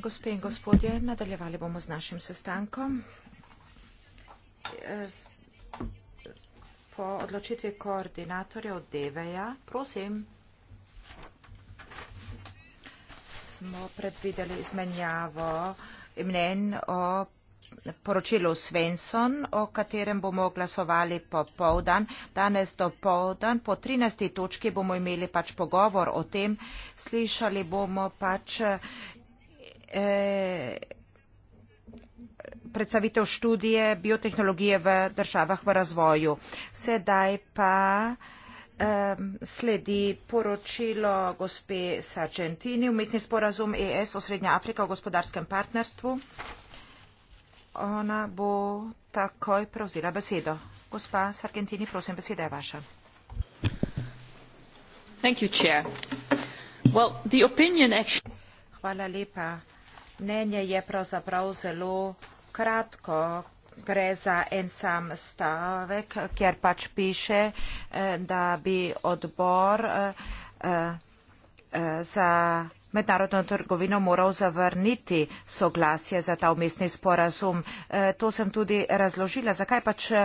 Gospe in gospodje, nadaljevali bomo z našim sestankom. Eh, po odločitvi koordinatorjev DVE-ja, prosim, smo predvideli izmenjavo mnen o poročilo Svensson, o katerem bomo glasovali popovdan. Danes do povdan, po 13. točki bomo imeli pač pogovor o tem. Slišali bomo pač eh, predstavitev študije biotehnologije v državah v razvoju. Sedaj pa eh, sledi poročilo gospe Sargentini, umestni sporazum ES o Srednja Afrika o gospodarskem partnerstvu ona bo takoj prevzela besedo. Gospa Sargentini, prosim, beseda je vaša. You, well, actually... Hvala lepa. Mnenje je pravzaprav zelo kratko. Gre za en sam stavek, kjer pač piše, eh, da bi odbor eh, eh, za mednarodno trgovino moral zavrniti soglasje za ta umestni sporazum. E, to sem tudi razložila. Zakaj pač e,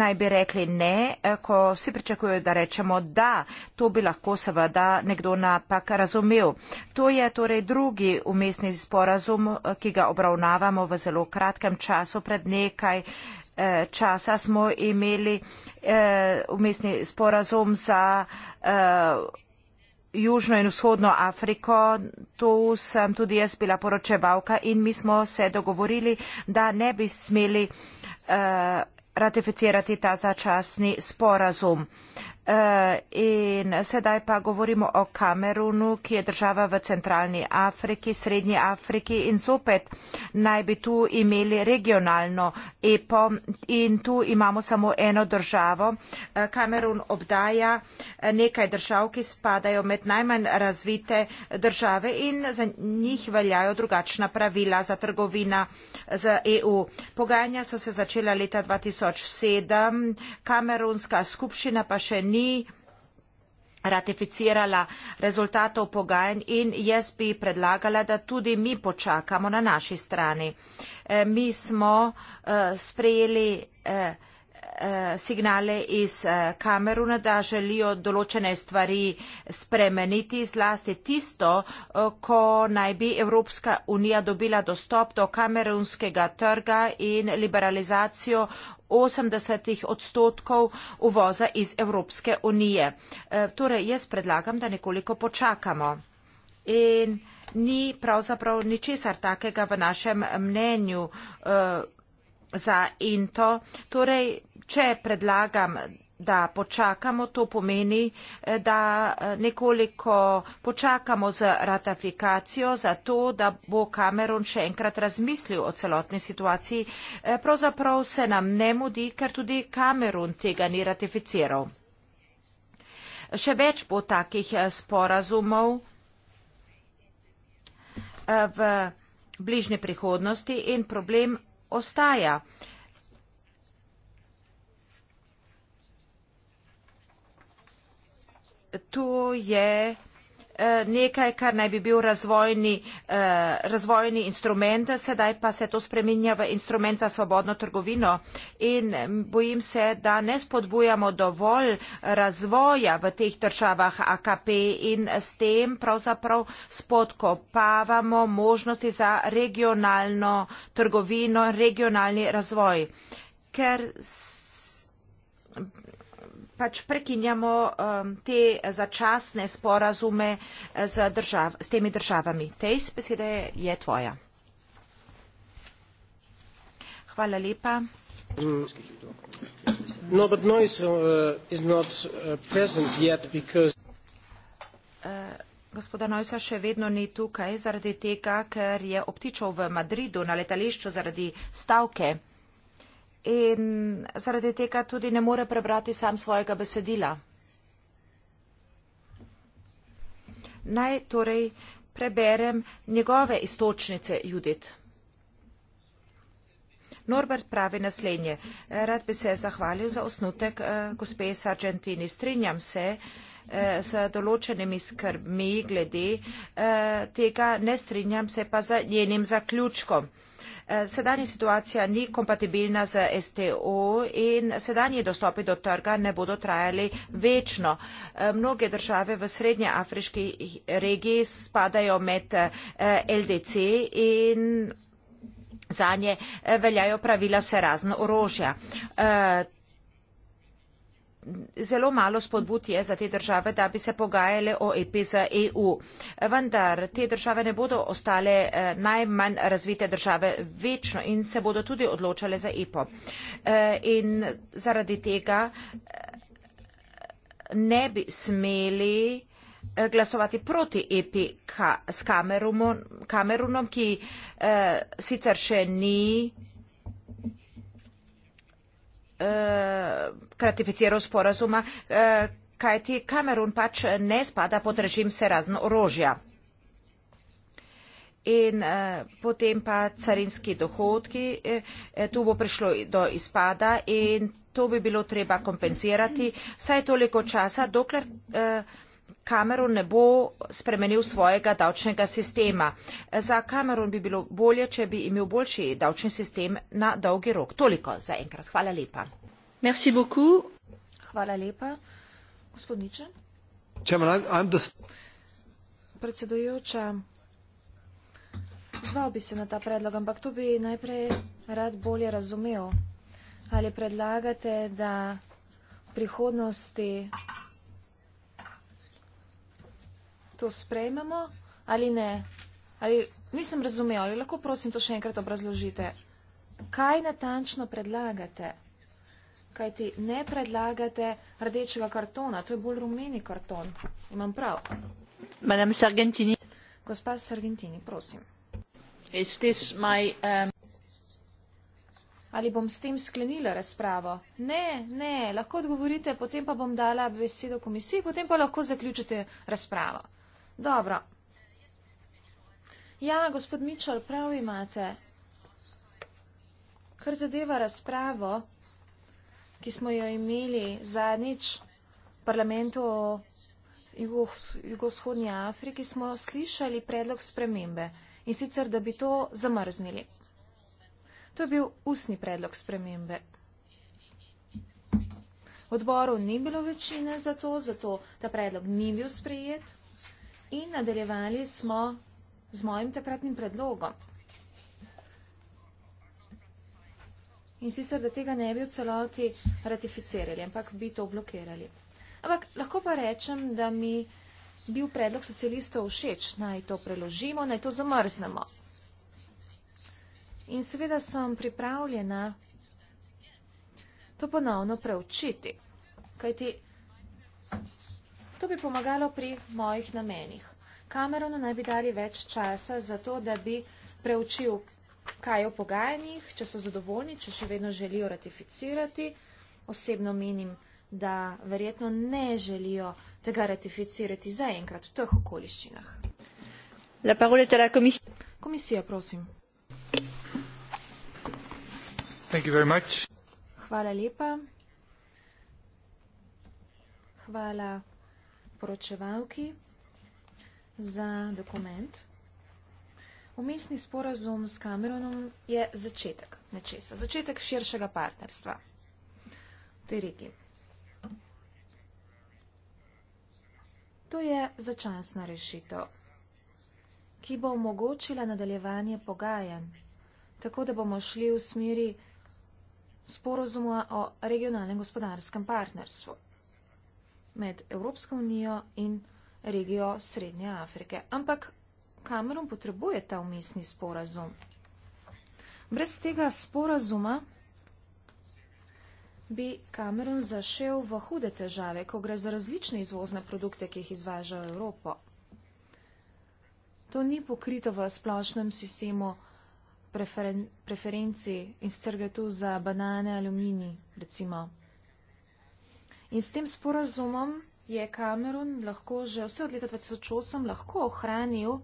naj bi rekli ne, e, ko vsi pričakujejo, da rečemo da. To bi lahko seveda nekdo napak razumel. To je torej drugi umestni sporazum, ki ga obravnavamo v zelo kratkem času pred nekaj časa smo imeli umestni sporazum za južno in vzhodno Afriko, tu sem tudi jaz bila poročevalka in mi smo se dogovorili, da ne bi smeli uh, ratificirati ta začasni sporazum. Uh, Eh, in sedaj pa govorimo o Kamerunu, ki je država v centralni Afriki, srednji Afriki in zopet naj bi tu imeli regionalno EPO in tu imamo samo eno državo. Eh, Kamerun obdaja eh, nekaj držav, ki spadajo med najmanj razvite države in za njih veljajo drugačna pravila za trgovina z EU. Pogajanja so se začela leta 2007, kamerunska skupščina pa še ni ni ratificirala rezultatov pogajanj in jaz bi predlagala, da tudi mi počakamo na naši strani. Eh, mi smo eh, sprejeli eh, Eh, signale iz eh, Kameruna, da želijo določene stvari spremeniti, zlasti tisto, eh, ko naj bi Evropska unija dobila dostop do kamerunskega trga in liberalizacijo 80 odstotkov uvoza iz Evropske unije. Torej, jaz predlagam, da nekoliko počakamo. In ni pravzaprav ničesar takega v našem mnenju za Into. Torej, Če predlagam, da počakamo, to pomeni, eh, da eh, nekoliko počakamo z ratifikacijo, zato da bo Cameron še enkrat razmislil o celotni situaciji. Eh, pravzaprav se nam ne mudi, ker tudi Cameron tega ni ratificiral. Še več bo takih sporazumov v bližnji prihodnosti in problem ostaja. to je eh, nekaj, kar naj bi bil razvojni, eh, razvojni instrument, sedaj pa se to spreminja v instrument za svobodno trgovino in mm, bojim se, da ne spodbujamo dovolj razvoja v teh državah AKP in s tem pravzaprav spodkopavamo možnosti za regionalno trgovino, regionalni razvoj. Ker pač prekinjamo um, te začasne sporazume eh, z držav, s temi državami. Tej besede je tvoja. Hvala lepa. Mm. No, but noise uh, is not uh, present yet because. Eh, gospoda Noisa še vedno ni tukaj zaradi tega, ker je obtičal v Madridu na letališču zaradi stavke in zaradi tega tudi ne more prebrati sam svojega besedila. Naj torej preberem njegove istočnice Judit. Norbert pravi naslednje. Rad bi se zahvalil za osnutek eh, gospe Sargentini. Strinjam se s eh, določenimi skrbmi glede eh, tega, ne strinjam se pa za njenim zaključkom. Eh, sedanja situacija ni kompatibilna z STO in sedanji dostopi do trga ne bodo trajali večno. Eh, mnoge države v srednjeafriški regiji spadajo med eh, LDC in zanje veljajo pravila vse razne orožja zelo malo spodbud je za te države, da bi se pogajale o EP za EU. Vendar te države ne bodo ostale eh, najmanj razvite države večno in se bodo tudi odločale za EPO. Eh, in zaradi tega eh, ne bi smeli glasovati proti EP ka, s Kamerunom, ki sicer še ni k eh, ratificiru sporazuma, eh, kaj ti Kamerun pač ne spada pod režim se razen orožja. In eh, potem pa carinski dohodki, tu bo prišlo do izpada in to bi bilo treba kompenzirati. Saj toliko časa, dokler Kamerun ne bo spremenil svojega davčnega sistema. Za Kamerun bi bilo bolje, če bi imel boljši davčni sistem na dolgi rok. Toliko za enkrat. Hvala lepa. Merci beaucoup. Hvala lepa. Gospod Ničen. Predsedujoča, zval bi se na ta predlog, ampak to bi najprej rad bolje razumel. Ali predlagate, da prihodnosti to sprejmemo ali ne? Ali, nisem razumel, ali lahko prosim to še enkrat obrazložite. Kaj natančno predlagate? Kaj ti ne predlagate rdečega kartona? To je bolj rumeni karton. Imam prav. Madame Sargentini. Gospa Sargentini, prosim. Is this my, um... Ali bom s tem sklenila razpravo? Ne, ne, lahko odgovorite, potem pa bom dala besedo komisiji, potem pa lahko zaključite razpravo. Dobro. Ja, gospod Mičel, prav imate. Kar zadeva razpravo, ki smo jo imeli zadnjič v parlamentu o jugovzhodnji Afriki, smo slišali predlog spremembe in sicer, da bi to zamrznili. To je bil usni predlog spremembe. Odboru ni bilo večine za to, zato ta predlog ni bil sprejet in nadaljevali smo z mojim takratnim predlogom. In sicer, da tega ne bi v celoti ratificirali, ampak bi to blokirali. Ampak lahko pa rečem, da mi bil predlog socialistov všeč, naj to preložimo, naj to zamrznemo. In seveda sem pripravljena to ponovno preučiti, kajti To bi pomagalo pri mojih namenih. Kameronu naj bi dali več časa za to, da bi preučil, kaj je v pogajanjih, če so zadovoljni, če še vedno želijo ratificirati. Osebno menim, da verjetno ne želijo tega ratificirati zaenkrat v teh okoliščinah. Komisija, prosim. Hvala lepa. Hvala poročevalki za dokument. Umestni sporazum s Cameronom je začetek nečesa, začetek širšega partnerstva v tej regiji. To je začasna rešitev, ki bo omogočila nadaljevanje pogajanj, tako da bomo šli v smeri sporozuma o regionalnem gospodarskem partnerstvu med Evropsko unijo in regijo Srednje Afrike. Ampak Kamerun potrebuje ta umestni sporazum. Brez tega sporazuma bi Kamerun zašel v hude težave, ko gre za različne izvozne produkte, ki jih izvaža v Evropo. To ni pokrito v splošnem sistemu preferen preferenci in sicer gre tu za banane, aluminij, recimo. In s tem sporazumom je Kamerun lahko že vse od leta 2008 lahko ohranil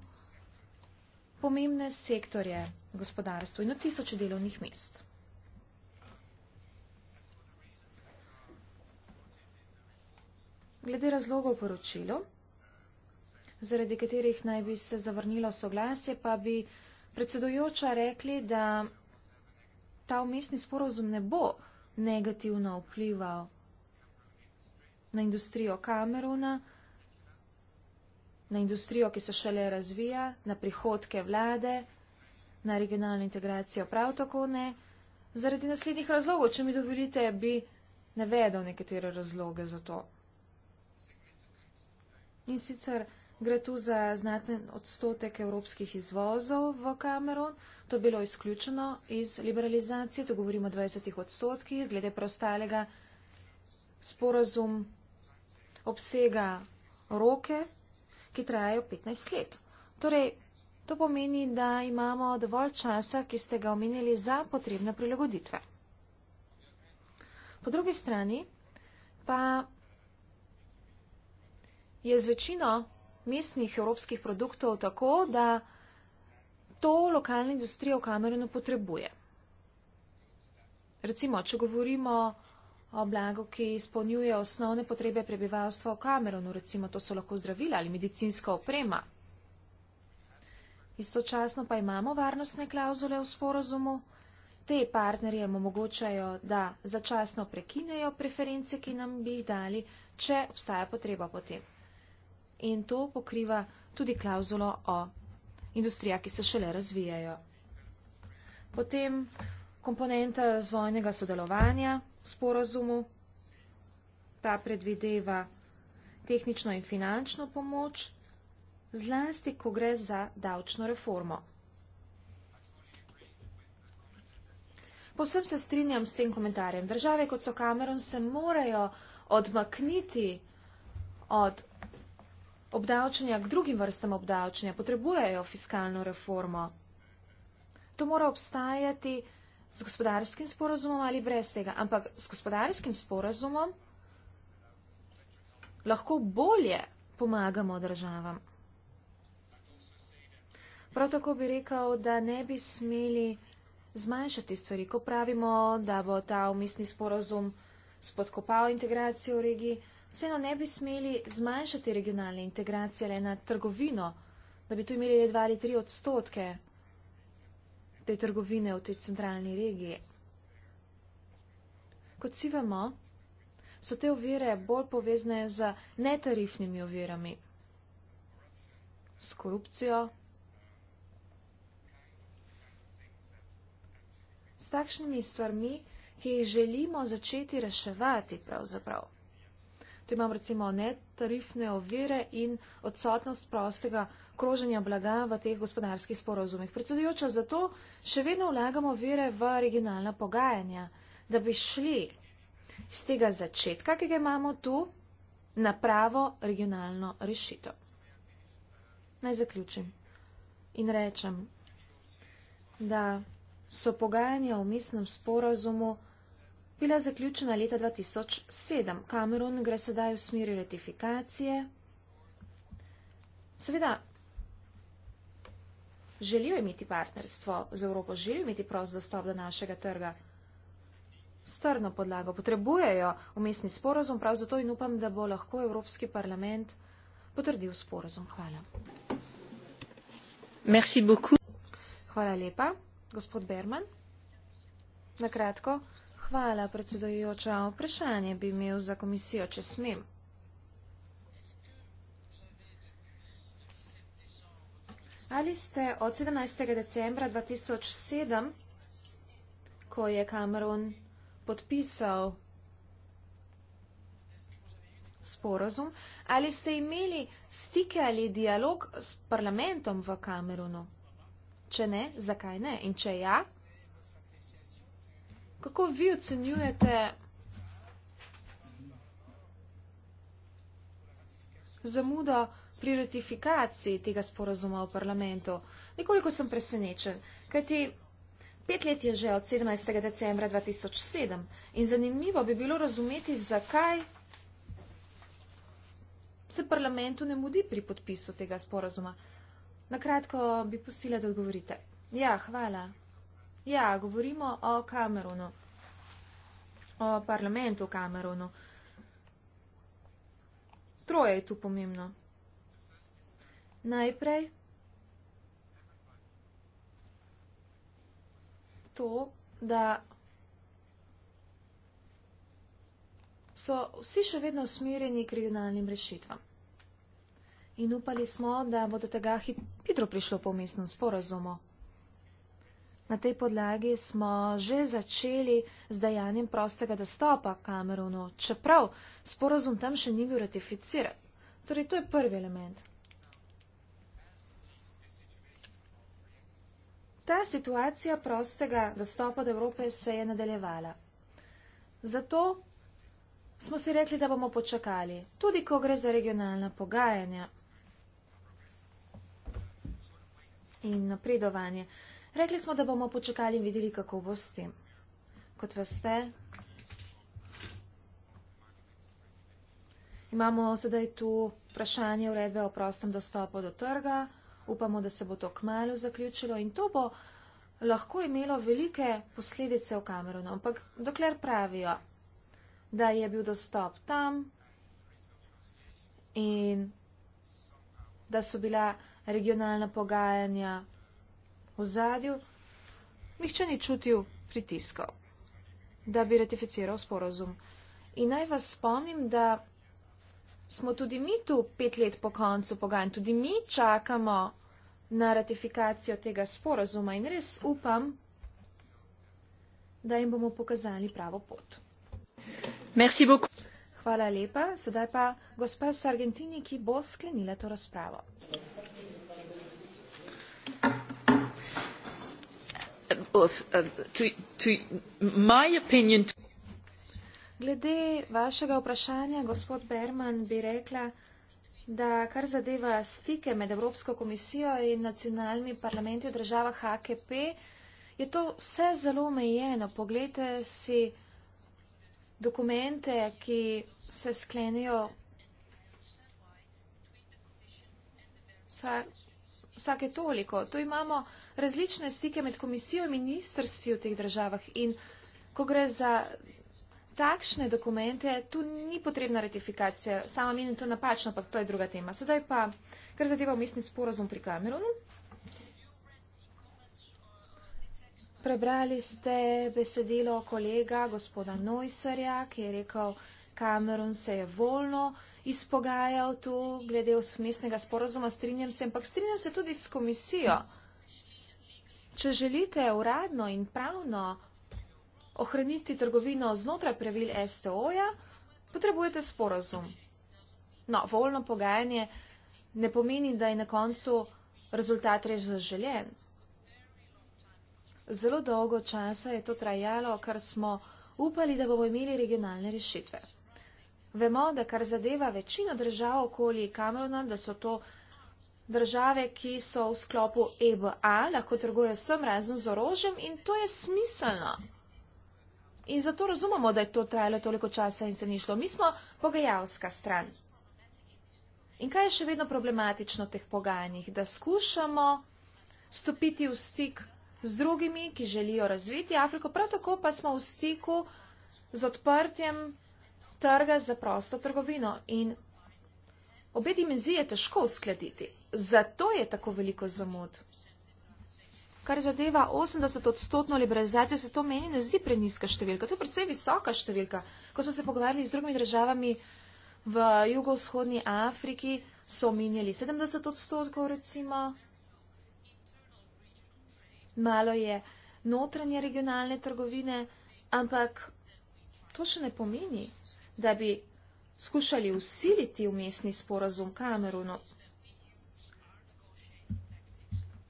pomembne sektorje gospodarstva in na tisoče delovnih mest. Glede razlogov poročilo, zaradi katerih naj bi se zavrnilo soglasje, pa bi predsedujoča rekli, da ta umestni sporozum ne bo negativno vplival na industrijo Kameruna, na industrijo, ki se šele razvija, na prihodke vlade, na regionalno integracijo prav tako ne. Zaradi naslednjih razlogov, če mi dovolite, bi navedal nekatere razloge za to. In sicer gre tu za znaten odstotek evropskih izvozov v Kamerun. To je bilo izključeno iz liberalizacije, to govorimo o 20 odstotkih, glede preostalega sporazum obsega roke, ki trajajo 15 let. Torej, to pomeni, da imamo dovolj časa, ki ste ga omenili za potrebne prilagoditve. Po drugi strani pa je z večino mestnih evropskih produktov tako, da to lokalna industrija v Kamerunu potrebuje. Recimo, če govorimo o o blagu, ki izpolnjuje osnovne potrebe prebivalstva v Kamerunu, recimo to so lahko zdravila ali medicinska oprema. Istočasno pa imamo varnostne klauzule v sporozumu. Te partnerje omogočajo, da začasno prekinejo preference, ki nam bi jih dali, če obstaja potreba potem. In to pokriva tudi klauzulo o industrija, ki se šele razvijajo. Potem komponenta razvojnega sodelovanja sporazumu. Ta predvideva tehnično in finančno pomoč, zlasti, ko gre za davčno reformo. Posebno se strinjam s tem komentarjem. Države kot so Kamerun se morajo odmakniti od obdavčanja k drugim vrstam obdavčanja, potrebujejo fiskalno reformo. To mora obstajati z gospodarskim sporazumom ali brez tega, ampak z gospodarskim sporazumom lahko bolje pomagamo državam. Prav tako bi rekel, da ne bi smeli zmanjšati stvari, ko pravimo, da bo ta umestni sporazum spodkopal integracijo v regiji, vseeno ne bi smeli zmanjšati regionalne integracije le na trgovino, da bi tu imeli le dva ali tri odstotke te trgovine v tej centralni regiji. Kot vsi vemo, so te ovire bolj povezne z netarifnimi ovirami, s korupcijo, s takšnimi stvarmi, ki jih želimo začeti reševati pravzaprav. Tu imam recimo netarifne ovire in odsotnost prostega kroženja blaga v teh gospodarskih sporozumih. Predsedujoča, zato še vedno vlagamo vire v regionalna pogajanja, da bi šli z tega začetka, ki ga imamo tu, na pravo regionalno rešitev. Naj zaključim in rečem, da so pogajanja o mestnem sporozumu bila zaključena leta 2007. Kamerun gre sedaj v smeri ratifikacije. Seveda, želijo imeti partnerstvo z Evropo, želijo imeti prost dostop do našega trga. Strno podlago potrebujejo umestni sporozum, prav zato in upam, da bo lahko Evropski parlament potrdil sporozum. Hvala. Merci beaucoup. Hvala lepa, gospod Berman. Na kratko, hvala predsedojoča. Vprašanje bi imel za komisijo, če smem. Ali ste od 17. decembra 2007, ko je Kamerun podpisal sporozum, ali ste imeli stike ali dialog s parlamentom v Kamerunu? Če ne, zakaj ne? In če ja, kako vi ocenjujete zamudo, pri ratifikaciji tega sporazuma v parlamentu. Nekoliko sem presenečen, kajti pet let je že od 17. decembra 2007 in zanimivo bi bilo razumeti, zakaj se parlamentu ne mudi pri podpisu tega sporazuma. Nakratko bi pustila, da odgovorite. Ja, hvala. Ja, govorimo o Kamerunu, o parlamentu Kamerunu. Troje je tu pomembno najprej to, da so vsi še vedno smerjeni k regionalnim rešitvam. In upali smo, da bo do tega hitro prišlo po mestnem sporazumu. Na tej podlagi smo že začeli z dajanjem prostega dostopa kamerovno, čeprav sporazum tam še ni bil ratificiran. Torej, to je prvi element. Ta situacija prostega dostopa do Evrope se je nadaljevala. Zato smo si rekli, da bomo počakali, tudi ko gre za regionalna pogajanja in napredovanje. Rekli smo, da bomo počakali in videli, kako bo s tem. Kot veste, imamo sedaj tu vprašanje uredbe o prostem dostopu do trga. Upamo, da se bo to kmalo zaključilo in to bo lahko imelo velike posledice v Kamerunu. Ampak dokler pravijo, da je bil dostop tam in da so bila regionalna pogajanja v zadju, nihče ni čutil pritiskov, da bi ratificiral sporozum. In naj vas spomnim, da smo tudi mi tu pet let po koncu pogajanj, tudi mi čakamo na ratifikacijo tega sporazuma in res upam, da jim bomo pokazali pravo pot. Hvala lepa. Sedaj pa gospa s Argentini, ki bo sklenila to razpravo. Uh, uh, to, to, Glede vašega vprašanja, gospod Berman, bi rekla, da kar zadeva stike med Evropsko komisijo in nacionalnimi parlamenti v državah AKP, je to vse zelo omejeno. Poglejte si dokumente, ki se sklenijo vsak, vsake toliko. Tu imamo različne stike med komisijo in ministrstvi v teh državah. In ko gre za takšne dokumente tu ni potrebna ratifikacija. Sama menim, to je napačno, ampak to je druga tema. Sedaj pa, kar zadeva umestni sporazum pri Kamerunu. Prebrali ste besedilo kolega gospoda Nojserja, ki je rekel, Kamerun se je voljno izpogajal tu glede osmestnega sporazuma. Strinjam se, ampak strinjam se tudi s komisijo. Če želite uradno in pravno ohraniti trgovino znotraj pravil STO-ja, potrebujete sporozum. No, volno pogajanje ne pomeni, da je na koncu rezultat res zaželjen. Zelo dolgo časa je to trajalo, kar smo upali, da bomo imeli regionalne rešitve. Vemo, da kar zadeva večino držav okoli Kamerona, da so to države, ki so v sklopu EBA, lahko trgujejo vsem razen z orožjem in to je smiselno. In zato razumemo, da je to trajalo toliko časa in se ni šlo. Mi smo pogajalska stran. In kaj je še vedno problematično v teh pogajanjih? Da skušamo stopiti v stik z drugimi, ki želijo razviti Afriko, prav tako pa smo v stiku z odprtjem trga za prosto trgovino. In obe dimenzije je težko uskladiti. Zato je tako veliko zamud kar zadeva 80-odstotno liberalizacijo, se to meni ne zdi preniska številka. To je predvsej visoka številka. Ko smo se pogovarjali z drugimi državami v jugovzhodni Afriki, so omenjali 70 odstotkov, recimo. Malo je notranje regionalne trgovine, ampak to še ne pomeni, da bi skušali usiliti umestni sporazum Kamerunu.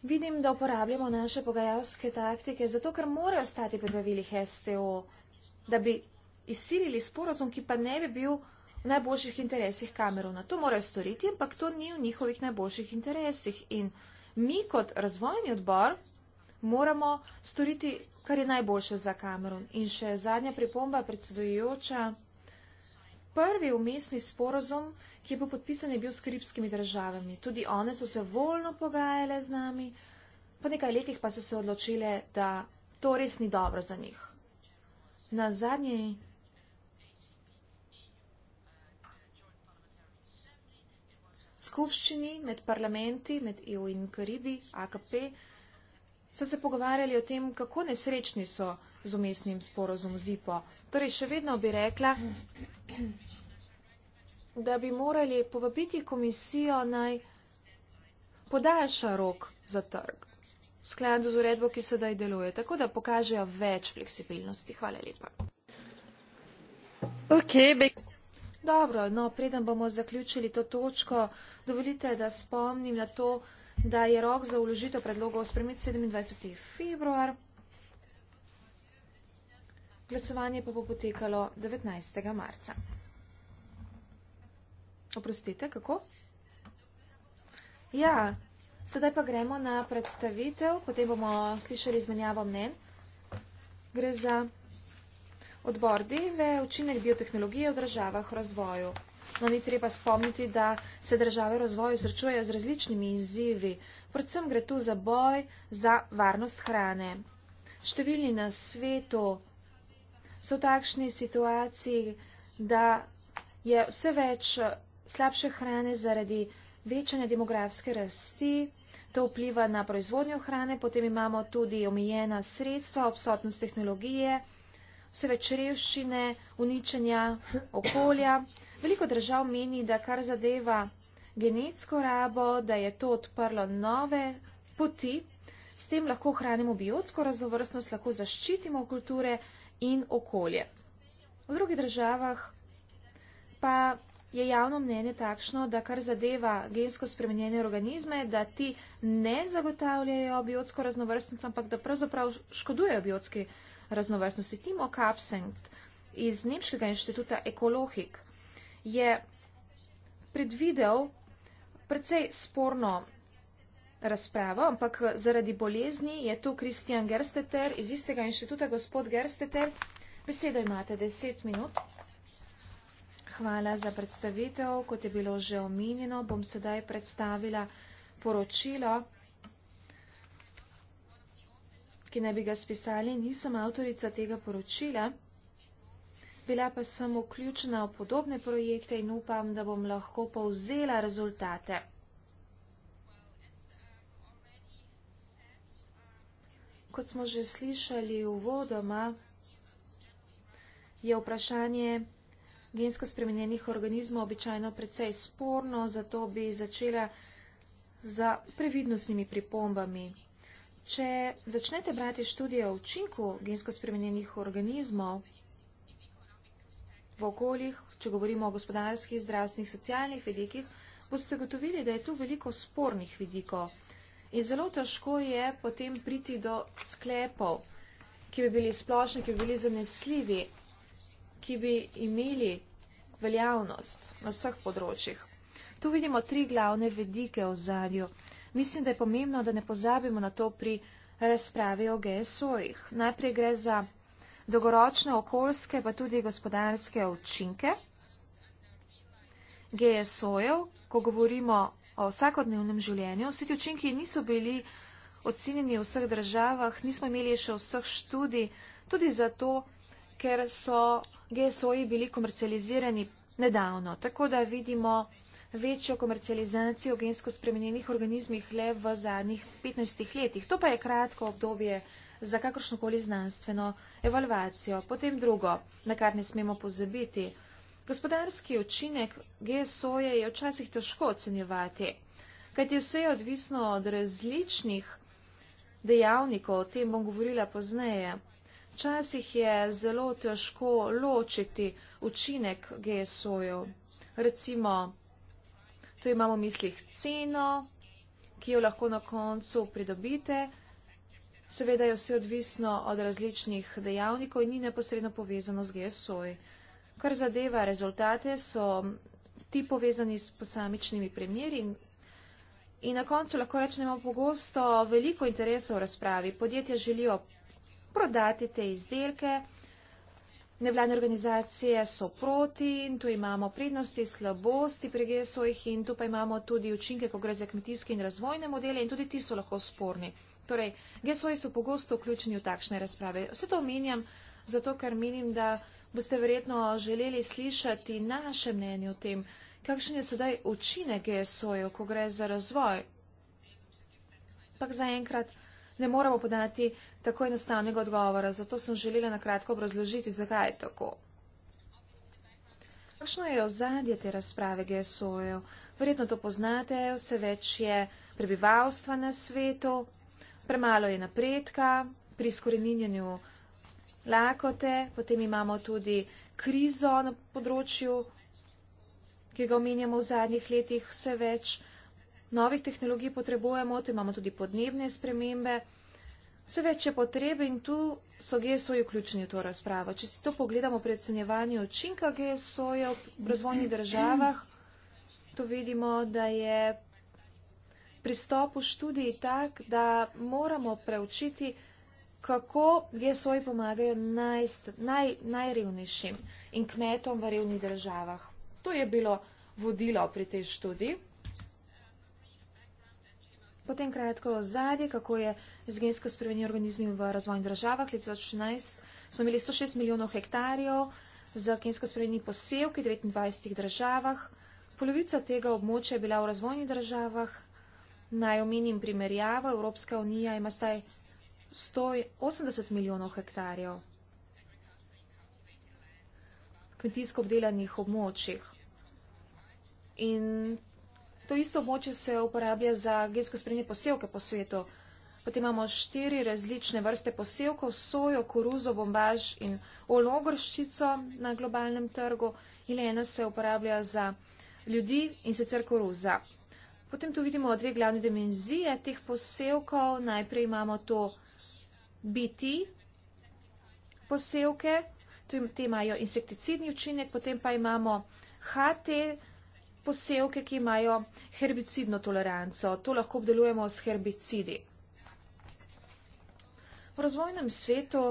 Vidim, da uporabljamo naše pogajalske taktike, zato ker morajo stati pri pravilih STO, da bi izsilili sporozum, ki pa ne bi bil v najboljših interesih Kameruna. To morajo storiti, ampak to ni v njihovih najboljših interesih. In mi kot razvojni odbor moramo storiti, kar je najboljše za Kamerun. In še zadnja pripomba, predsedujoča prvi umestni sporozum, ki je bil podpisan, je bil s karibskimi državami. Tudi one so se voljno pogajale z nami, po nekaj letih pa so se odločile, da to res ni dobro za njih. Na zadnji. Skupščini med parlamenti, med EU in Karibi, AKP, so se pogovarjali o tem, kako nesrečni so z umestnim sporozum ZIPO. Torej, še vedno bi rekla, da bi morali povabiti komisijo naj podaljša rok za trg v skladu z uredbo, ki sedaj deluje, tako da pokažejo več fleksibilnosti. Hvala lepa. Okay, be... Dobro, no, preden bomo zaključili to točko, dovolite, da spomnim na to, da je rok za uložitev predlogov spremiti 27. februar. Glasovanje pa bo potekalo 19. marca. Oprostite, kako? Ja, sedaj pa gremo na predstavitev, potem bomo slišali izmenjavo mnen. Gre za odbor DEVE, učinek biotehnologije v državah v razvoju. No, ni treba spomniti, da se države v razvoju srečujejo z različnimi izzivi. Predvsem gre tu za boj za varnost hrane. Številni na svetu so v takšni situaciji, da je vse več slabše hrane zaradi večanja demografske rasti, to vpliva na proizvodnjo hrane, potem imamo tudi omejena sredstva, obsotnost tehnologije, vse več revščine, uničenja okolja. Veliko držav meni, da kar zadeva genetsko rabo, da je to odprlo nove poti, s tem lahko hranimo biotsko raznovrstnost, lahko zaščitimo kulture, in okolje. V drugih državah pa je javno mnenje takšno, da kar zadeva gensko spremenjene organizme, da ti ne zagotavljajo biotsko raznovrstnost, ampak da pravzaprav škodujejo biotski raznovrstnosti. Timo Kapsent iz Nemškega inštituta Ekologik je predvidel precej sporno razpravo, ampak zaradi bolezni je tu Kristjan Gersteter iz istega inštituta. Gospod Gersteter, besedo imate 10 minut. Hvala za predstavitev. Kot je bilo že omenjeno, bom sedaj predstavila poročilo, ki ne bi ga spisali. Nisem avtorica tega poročila. Bila pa sem vključena v podobne projekte in upam, da bom lahko povzela rezultate. Kot smo že slišali v vodoma, je vprašanje gensko spremenjenih organizmov običajno precej sporno, zato bi začela za previdnostnimi pripombami. Če začnete brati študijo o učinku gensko spremenjenih organizmov v okoljih, če govorimo o gospodarskih, zdravstvenih, socialnih vidikih, boste gotovili, da je tu veliko spornih vidikov. In zelo težko je potem priti do sklepov, ki bi bili splošni, ki bi bili zanesljivi, ki bi imeli veljavnost na vseh področjih. Tu vidimo tri glavne vedike v zadju. Mislim, da je pomembno, da ne pozabimo na to pri razpravi o GSO-jih. Najprej gre za dolgoročne okoljske, pa tudi gospodarske učinke GSO-jev, ko govorimo o vsakodnevnem življenju. Vsi ti učinki niso bili ocenjeni v vseh državah, nismo imeli še vseh študij, tudi zato, ker so GSO-ji bili komercializirani nedavno. Tako da vidimo večjo komercializacijo gensko spremenjenih organizmih le v zadnjih 15 letih. To pa je kratko obdobje za kakršnokoli znanstveno evalvacijo. Potem drugo, na kar ne smemo pozabiti. Gospodarski učinek GSO-je je včasih težko ocenjevati, kajti vse je odvisno od različnih dejavnikov, o tem bom govorila pozneje. Včasih je zelo težko ločiti učinek GSO-jev. Recimo, tu imamo v mislih ceno, ki jo lahko na koncu pridobite. Seveda je vse odvisno od različnih dejavnikov in ni neposredno povezano z GSO-ji. Kar zadeva rezultate, so ti povezani s posamičnimi primeri. In na koncu lahko rečemo pogosto veliko interesov v razpravi. Podjetja želijo prodati te izdelke, nevladne organizacije so proti in tu imamo prednosti, slabosti pri GSO-jih in tu pa imamo tudi učinke, ko gre za kmetijske in razvojne modele in tudi ti so lahko sporni. Torej, GSO-ji so pogosto vključeni v takšne razprave. Vse to omenjam, zato ker menim, da boste verjetno želeli slišati naše mnenje o tem, kakšen je sedaj učinek GSO-jev, ko gre za razvoj. Pak zaenkrat ne moramo podati tako enostavnega odgovora, zato sem želela nakratko obrazložiti, zakaj je tako. Kakšno je ozadje te razprave GSO-jev? Verjetno to poznate, vse več je prebivalstva na svetu, premalo je napredka pri skoreninjenju lakote, potem imamo tudi krizo na področju, ki ga omenjamo v zadnjih letih vse več. Novih tehnologij potrebujemo, tu imamo tudi podnebne spremembe, vse več je potrebe in tu so GSO-ji vključeni v to razpravo. Če si to pogledamo pri ocenjevanju učinka GSO-ja v razvojnih državah, to vidimo, da je pristop v študiji tak, da moramo preučiti kako GSO-ji pomagajo naj, naj, najrevnejšim in kmetom v revnih državah. To je bilo vodilo pri tej študiji. Potem kratko ozadje, kako je z gensko spremenjenimi organizmi v razvojnih državah. Leta 2011 smo imeli 106 milijonov hektarjev za gensko spremenjeni posevki v 29 državah. Polovica tega območja je bila v razvojnih državah. Naj omenim primerjavo. Evropska unija ima staj 180 milijonov hektarjev kmetijsko obdelanih območjih. In to isto območje se uporablja za gensko spremenjene posevke po svetu. Potem imamo štiri različne vrste posevkov, sojo, koruzo, bombaž in ologrščico na globalnem trgu. In le ena se uporablja za ljudi in sicer koruza. Potem tu vidimo dve glavne dimenzije teh posevkov. Najprej imamo to uh, biti posevke, te imajo insekticidni učinek, potem pa imamo HT posevke, ki imajo herbicidno toleranco. To lahko obdelujemo s herbicidi. V razvojnem svetu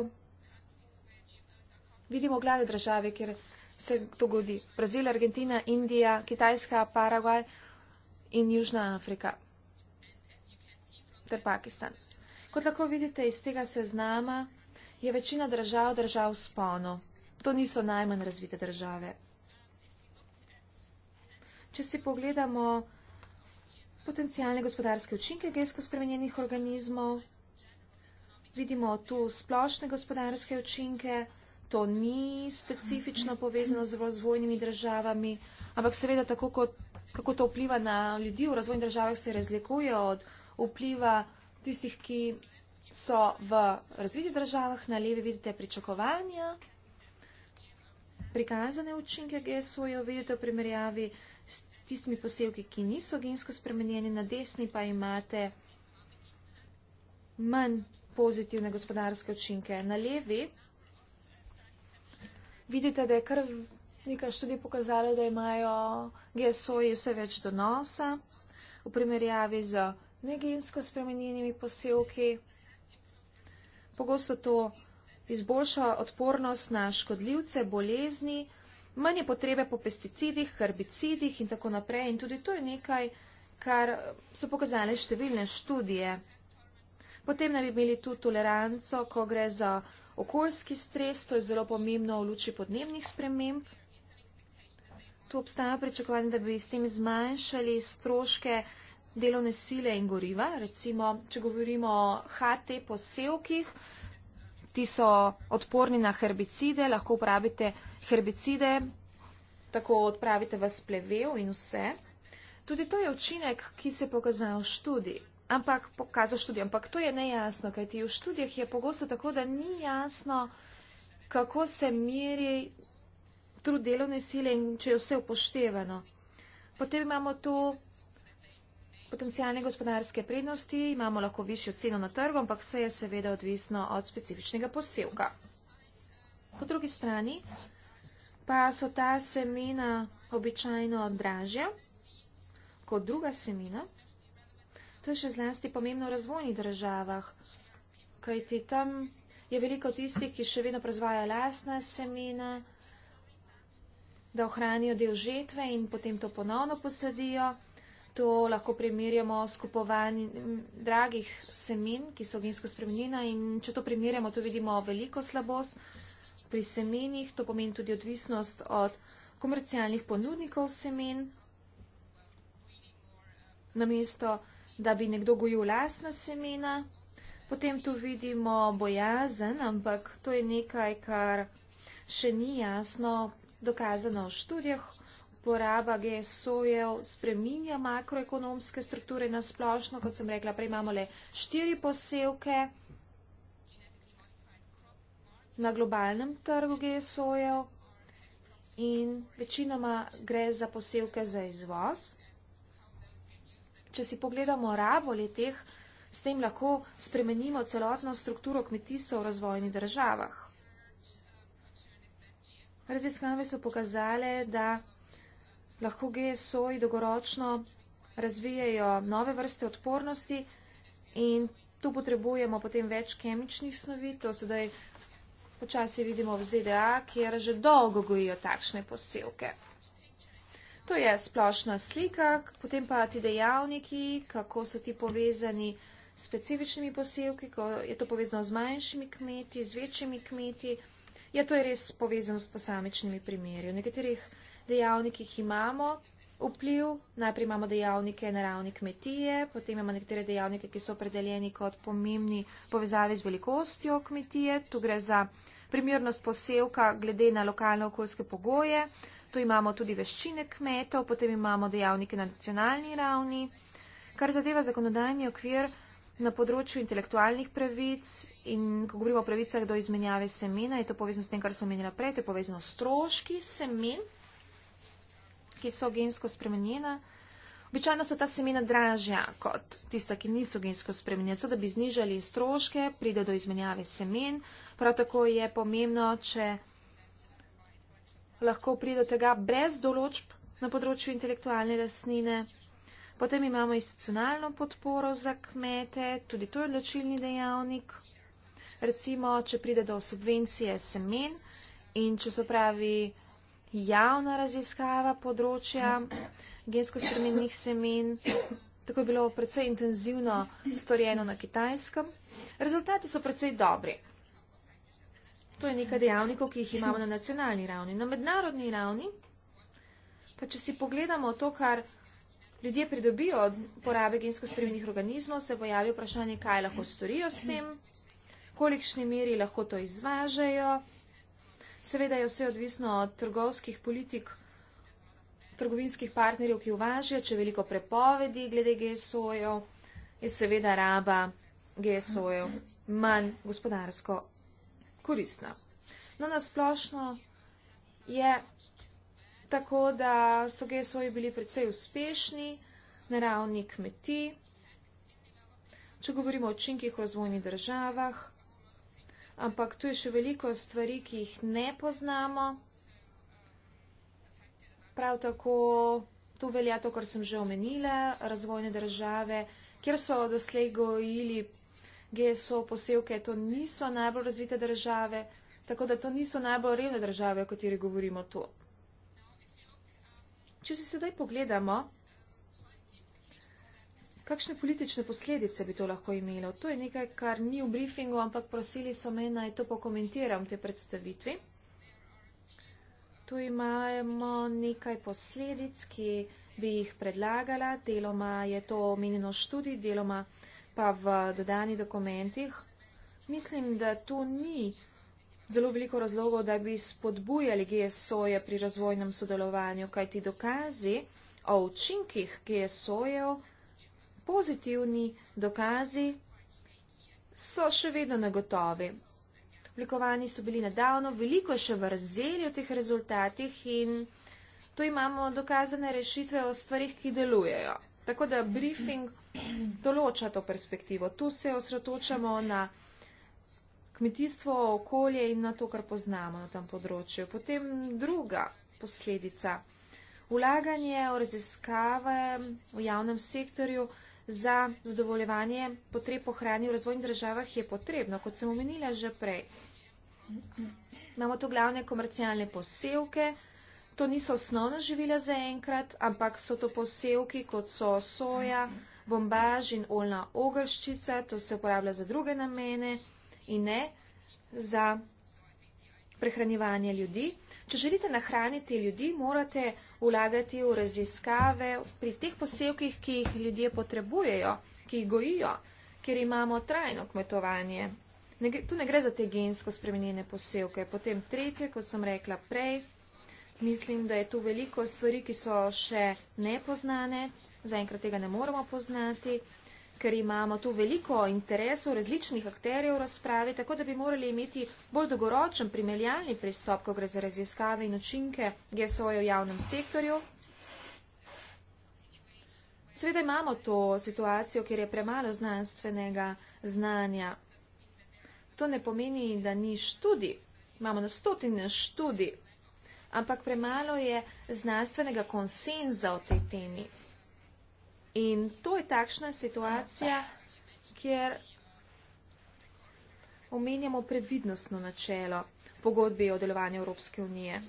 vidimo glavne države, kjer se to godi. Brazil, Argentina, Indija, Kitajska, Paraguaj in Južna Afrika ter Pakistan. Kot lahko vidite iz tega seznama, je večina držav držav spono. To niso najmanj razvite države. Če si pogledamo potencijalne gospodarske učinke gensko spremenjenih organizmov, vidimo tu splošne gospodarske učinke, to ni specifično povezano z razvojnimi državami, ampak seveda tako, kot, kako to vpliva na ljudi v razvojnih državah, se razlikuje od vpliva tistih, ki so v razvitih državah, na levi vidite pričakovanja, prikazane učinke GSO-ja, vidite v primerjavi s tistimi posevki, ki niso gensko spremenjeni, na desni pa imate manj pozitivne gospodarske učinke. Na levi vidite, da je kar neka študija pokazala, da imajo GSO-ji vse več donosa v primerjavi z ne gensko spremenjenimi posevki. Pogosto to izboljša odpornost na škodljivce, bolezni, manj je potrebe po pesticidih, herbicidih in tako naprej. In tudi to je nekaj, kar so pokazale številne študije. Potem naj bi imeli tudi toleranco, ko gre za okoljski stres, to je zelo pomembno v luči podnebnih sprememb. Tu obstaja pričakovanje, da bi s tem zmanjšali stroške delovne sile in goriva. Recimo, če govorimo o HT posevkih, ti so odporni na herbicide, lahko uporabite herbicide, tako odpravite vas plevel in vse. Tudi to je učinek, ki se je pokazal v študiji. Ampak, pokazal študij, ampak to je nejasno, kajti v študijah je pogosto tako, da ni jasno, kako se meri trud delovne sile in če je vse upoštevano. Potem imamo tu potencijalne gospodarske prednosti, imamo lahko višjo ceno na trgu, ampak vse je seveda odvisno od specifičnega posevka. Po drugi strani pa so ta semena običajno dražja kot druga semena. To je še zlasti pomembno v razvojnih državah, kajti tam je veliko tistih, ki še vedno proizvajajo lasna semena, da ohranijo del žetve in potem to ponovno posadijo to lahko primerjamo s kupovanjem dragih semen, ki so gensko spremenjena in če to primerjamo, to vidimo veliko slabost pri semenih, to pomeni tudi odvisnost od komercialnih ponudnikov semen. Namesto, da bi nekdo gojil lastna semena, potem tu vidimo bojazen, ampak to je nekaj, kar še ni jasno dokazano v študijah poraba GSO-jev spreminja makroekonomske strukture na splošno, kot sem rekla, prej imamo le štiri posevke na globalnem trgu GSO-jev in večinoma gre za posevke za izvoz. Če si pogledamo rabo leteh, s tem lahko spremenimo celotno strukturo kmetijstva v razvojnih državah. Raziskave so pokazale, da lahko GSO-ji dolgoročno razvijajo nove vrste odpornosti in tu potrebujemo potem več kemičnih snovi. To sedaj počasi vidimo v ZDA, kjer že dolgo gojijo takšne posevke. To je splošna slika, potem pa ti dejavniki, kako so ti povezani s specifičnimi posevki, ko je to povezano z manjšimi kmeti, z večjimi kmeti. Ja, to je res povezano s posamičnimi primerji. V nekaterih dejavnikih imamo vpliv. Najprej imamo dejavnike na ravni kmetije, potem imamo nekatere dejavnike, ki so opredeljeni kot pomembni povezave z velikostjo kmetije. Tu gre za primernost posevka glede na lokalne okoljske pogoje. Tu imamo tudi veščine kmetov, potem imamo dejavnike na nacionalni ravni. Kar zadeva zakonodajni okvir na področju intelektualnih pravic in ko govorimo o pravicah do izmenjave semena, je to povezano s tem, kar sem menila prej, to je povezano s stroški semen ki so gensko spremenjena. Običajno so ta semena dražja kot tista, ki niso gensko spremenjena, so da bi znižali stroške, pride do izmenjave semen. Prav tako je pomembno, če lahko pride do tega brez določb na področju intelektualne lasnine. Potem imamo institucionalno podporo za kmete, tudi to je odločilni dejavnik. Recimo, če pride do subvencije semen in če so pravi javna raziskava področja gensko spremenjenih semen. Tako je bilo precej intenzivno storjeno na kitajskem. Rezultati so precej dobri. To je nekaj dejavnikov, ki jih imamo na nacionalni ravni. Na mednarodni ravni, pa če si pogledamo to, kar ljudje pridobijo od porabe gensko spremenjenih organizmov, se pojavi vprašanje, kaj lahko storijo s tem, kolikšni meri lahko to izvažajo. Seveda je vse odvisno od trgovskih politik, trgovinskih partnerjev, ki uvažajo, če veliko prepovedi glede GSO-jev, je seveda raba GSO-jev manj gospodarsko koristna. No, nasplošno je tako, da so GSO-ji bili predvsej uspešni na ravni kmetij. Če govorimo o učinkih v razvojnih državah, ampak tu je še veliko stvari, ki jih ne poznamo. Prav tako tu velja to, kar sem že omenila, razvojne države, kjer so doslej gojili GSO posevke, to niso najbolj razvite države, tako da to niso najbolj revne države, o kateri govorimo tu. Če si sedaj pogledamo, kakšne politične posledice bi to lahko imelo. To je nekaj, kar ni v briefingu, ampak prosili so me, naj to pokomentiram v tej predstavitvi. Tu imamo nekaj posledic, ki bi jih predlagala. Deloma je to omenjeno študij, deloma pa v dodani dokumentih. Mislim, da tu ni zelo veliko razlogov, da bi spodbujali GSO-je pri razvojnem sodelovanju, kajti dokazi o učinkih GSO-jev pozitivni dokazi so še vedno nagotovi. Oblikovani so bili nedavno, veliko še vrzeli v teh rezultatih in tu imamo dokazane rešitve o stvarih, ki delujejo. Tako da briefing določa to perspektivo. Tu se osredotočamo na kmetijstvo, okolje in na to, kar poznamo na tem področju. Potem druga posledica. Vlaganje v raziskave v javnem sektorju za zadovoljevanje potreb po hrani v razvojnih državah je potrebno, kot sem omenila že prej. Imamo tu glavne komercialne posevke, to niso osnovna živila za enkrat, ampak so to posevki, kot so soja, bombaž in olna ogrščica, to se uporablja za druge namene in ne za prehranjevanje ljudi. Če želite nahraniti ljudi, morate vlagati v raziskave pri teh posevkih, ki jih ljudje potrebujejo, ki jih gojijo, ker imamo trajno kmetovanje. Ne, tu ne gre za te gensko spremenjene posevke. Potem tretje, kot sem rekla prej, mislim, da je tu veliko stvari, ki so še nepoznane, zaenkrat tega ne moramo poznati ker imamo tu veliko interesov različnih akterjev v razpravi, tako da bi morali imeti bolj dogoročen primerjalni pristop, ko gre za raziskave in učinke GSO-ja v javnem sektorju. Sveda imamo to situacijo, kjer je premalo znanstvenega znanja. To ne pomeni, da ni študi. Imamo na stotine študi, ampak premalo je znanstvenega konsenza o tej temi. In to je takšna situacija, kjer omenjamo previdnostno načelo pogodbe o delovanju Evropske unije.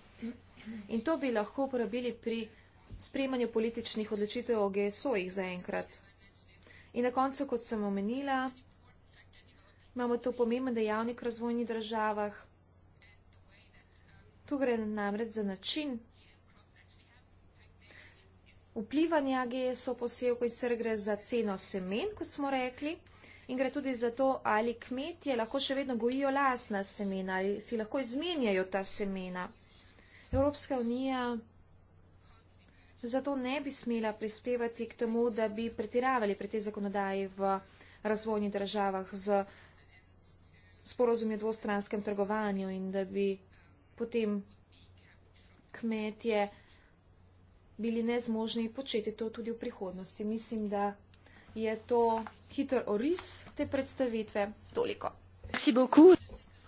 In to bi lahko uporabili pri spremanju političnih odločitev o GSO-jih zaenkrat. In na koncu, kot sem omenila, imamo to pomemben dejavnik v razvojnih državah. Tu gre namreč za način, vplivanja GSO posevkov in sr gre za ceno semen, kot smo rekli, in gre tudi za to, ali kmetje lahko še vedno gojijo lastna semena ali si lahko izmenjajo ta semena. Evropska unija zato ne bi smela prispevati k temu, da bi pretiravali pri te zakonodaji v razvojnih državah z sporozumje dvostranskem trgovanju in da bi potem kmetje bili nezmožni početi to tudi v prihodnosti. Mislim, da je to hiter oris te predstavitve. Toliko.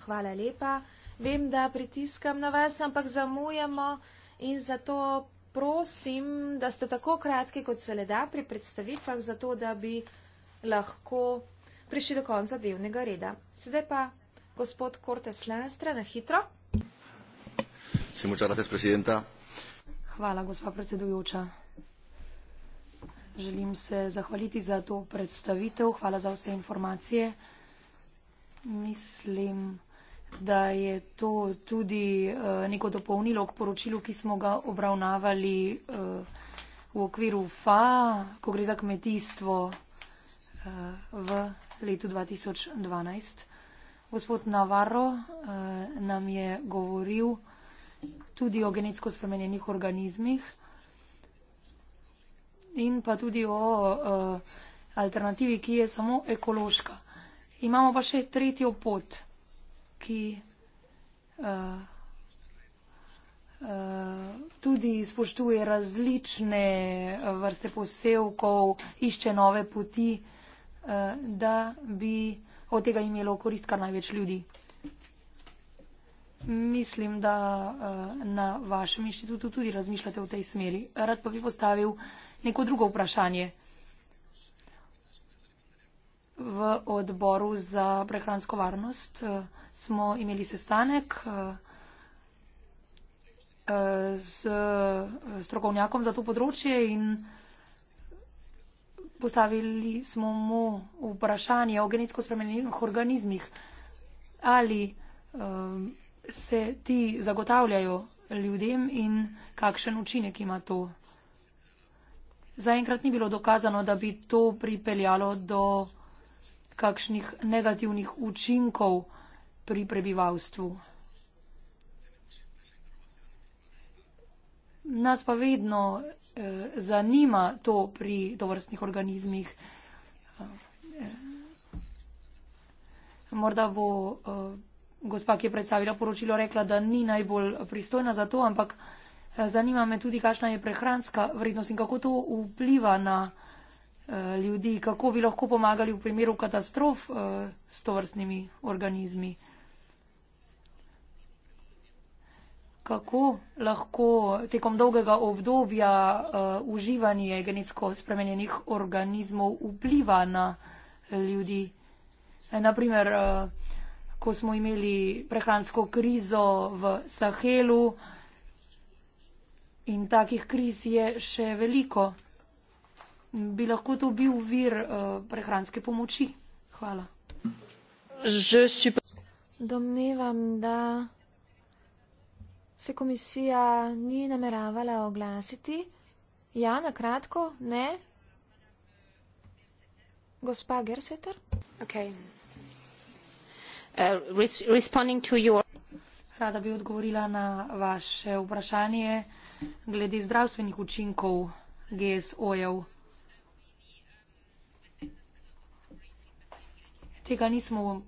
Hvala lepa. Vem, da pritiskam na vas, ampak zamujamo in zato prosim, da ste tako kratki, kot se le da pri predstavitvah, zato da bi lahko prišli do konca dnevnega reda. Sedaj pa gospod Kortes Lastra na hitro. Sí, muchas gracias, presidenta. Hvala, gospa predsedujoča. Želim se zahvaliti za to predstavitev. Hvala za vse informacije. Mislim, da je to tudi eh, neko dopolnilo k poročilu, ki smo ga obravnavali eh, v okviru FA, ko gre za kmetijstvo eh, v letu 2012. Gospod Navarro nam je govoril, tudi o genetsko spremenjenih organizmih in pa tudi o uh, alternativi, ki je samo ekološka. Imamo pa še tretjo pot, ki uh, uh, tudi spoštuje različne vrste posevkov, išče nove poti, uh, da bi od tega imelo korist kar največ ljudi. Mislim, da eh, na vašem inštitutu tudi razmišljate v tej smeri. Rad pa bi postavil neko drugo vprašanje. V odboru za prehransko varnost eh, smo imeli sestanek eh, z strokovnjakom za to področje in postavili smo mu vprašanje o genetsko spremenjenih organizmih ali um, se ti zagotavljajo ljudem in kakšen učinek ima to. Zaenkrat ni bilo dokazano, da bi to pripeljalo do kakšnih negativnih učinkov pri prebivalstvu. Nas pa vedno eh, zanima to pri tovrstnih organizmih. Eh, eh, morda bo eh, gospa, ki je predstavila poročilo, rekla, da ni najbolj pristojna za to, ampak eh, zanima me tudi, kakšna je prehranska vrednost in kako to vpliva na eh, ljudi, kako bi lahko pomagali v primeru katastrof eh, s tovrstnimi organizmi. Kako lahko tekom dolgega obdobja uh, uživanje genetsko spremenjenih organizmov vpliva na ljudi? Naprimer, uh, ko smo imeli prehransko krizo v Sahelu. In takih kriz je še veliko. Bi lahko to bil vir uh, prehranske pomoči? Hvala. Domnevam, da se komisija ni nameravala oglasiti. Ja, na kratko, ne. Gospa Gerseter. Okay. Uh, responding to your Rada bi odgovorila na vaše vprašanje glede zdravstvenih učinkov GSO-jev. Tega nismo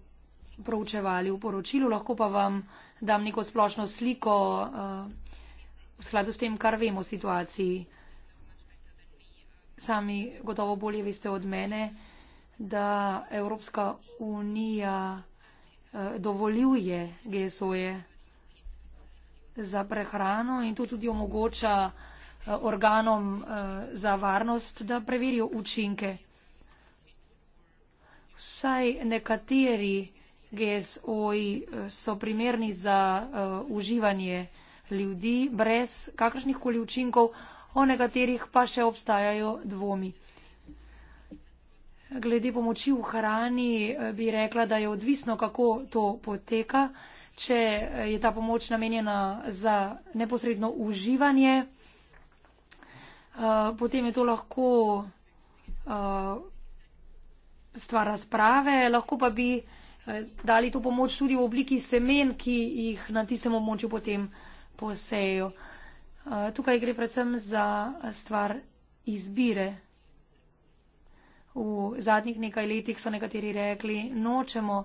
proučevali v poročilu, lahko pa vam dam neko splošno sliko uh, v skladu s tem, kar vemo o situaciji. Sami gotovo bolje veste od mene, da Evropska unija Eh, dovoljuje GSO-je za prehrano in to tudi omogoča eh, organom eh, za varnost, da preverijo učinke. Vsaj nekateri GSO-ji so primerni za uživanje ljudi brez kakršnih koli učinkov, o nekaterih pa še obstajajo dvomi. Glede pomoči v hrani eh, bi rekla, da je odvisno, kako to poteka. Če eh, je ta pomoč namenjena za neposredno uživanje, eh, potem je to lahko stvar razprave, lahko pa bi dali to pomoč tudi v obliki semen, ki jih na tistem območju potem posejo. Tukaj gre predvsem za stvar izbire. V zadnjih nekaj letih so nekateri rekli, nočemo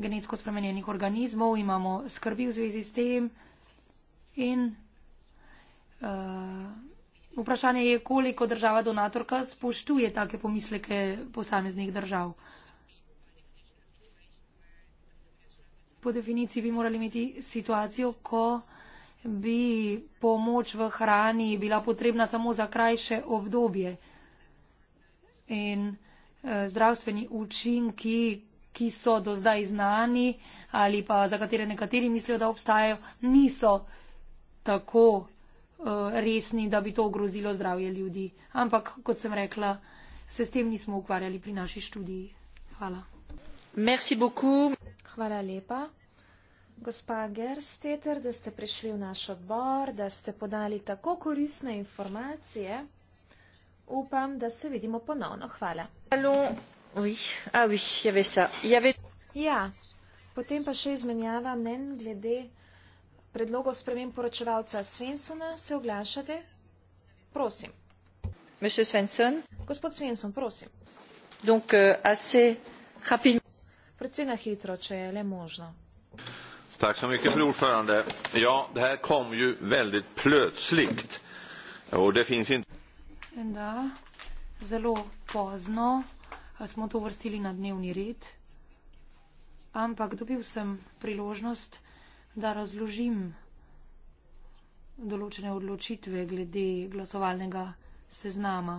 genetsko spremenjenih organizmov, imamo skrbi v zvezi s tem. In uh, vprašanje je, koliko država donatorka spoštuje take pomisleke posameznih držav. Po definiciji bi morali imeti situacijo, ko bi pomoč v hrani bila potrebna samo za krajše obdobje in eh, zdravstveni učinki, ki so do zdaj znani ali pa za katere nekateri mislijo, da obstajajo, niso tako eh, resni, da bi to ogrozilo zdravje ljudi. Ampak, kot sem rekla, se s tem nismo ukvarjali pri naši študiji. Hvala. Merci beaucoup. Hvala lepa. Gospa Gersteter, da ste prišli v naš odbor, da ste podali tako koristne informacije upam, da se vidimo ponovno. Hvala. Ah ja, potem pa še izmenjava mnen glede predlogov spremem poročevalca Svensona. Se oglašate? Prosim. Svensson. Gospod Svensson, prosim. Donc, uh, assez rapid... Predvsej na hitro, če je le možno. Tak så mycket, fru ordförande. Ja, det här kom ju väldigt plötsligt. Och det finns inte... Da, zelo pozno smo to vrstili na dnevni red, ampak dobil sem priložnost, da razložim določene odločitve glede glasovalnega seznama.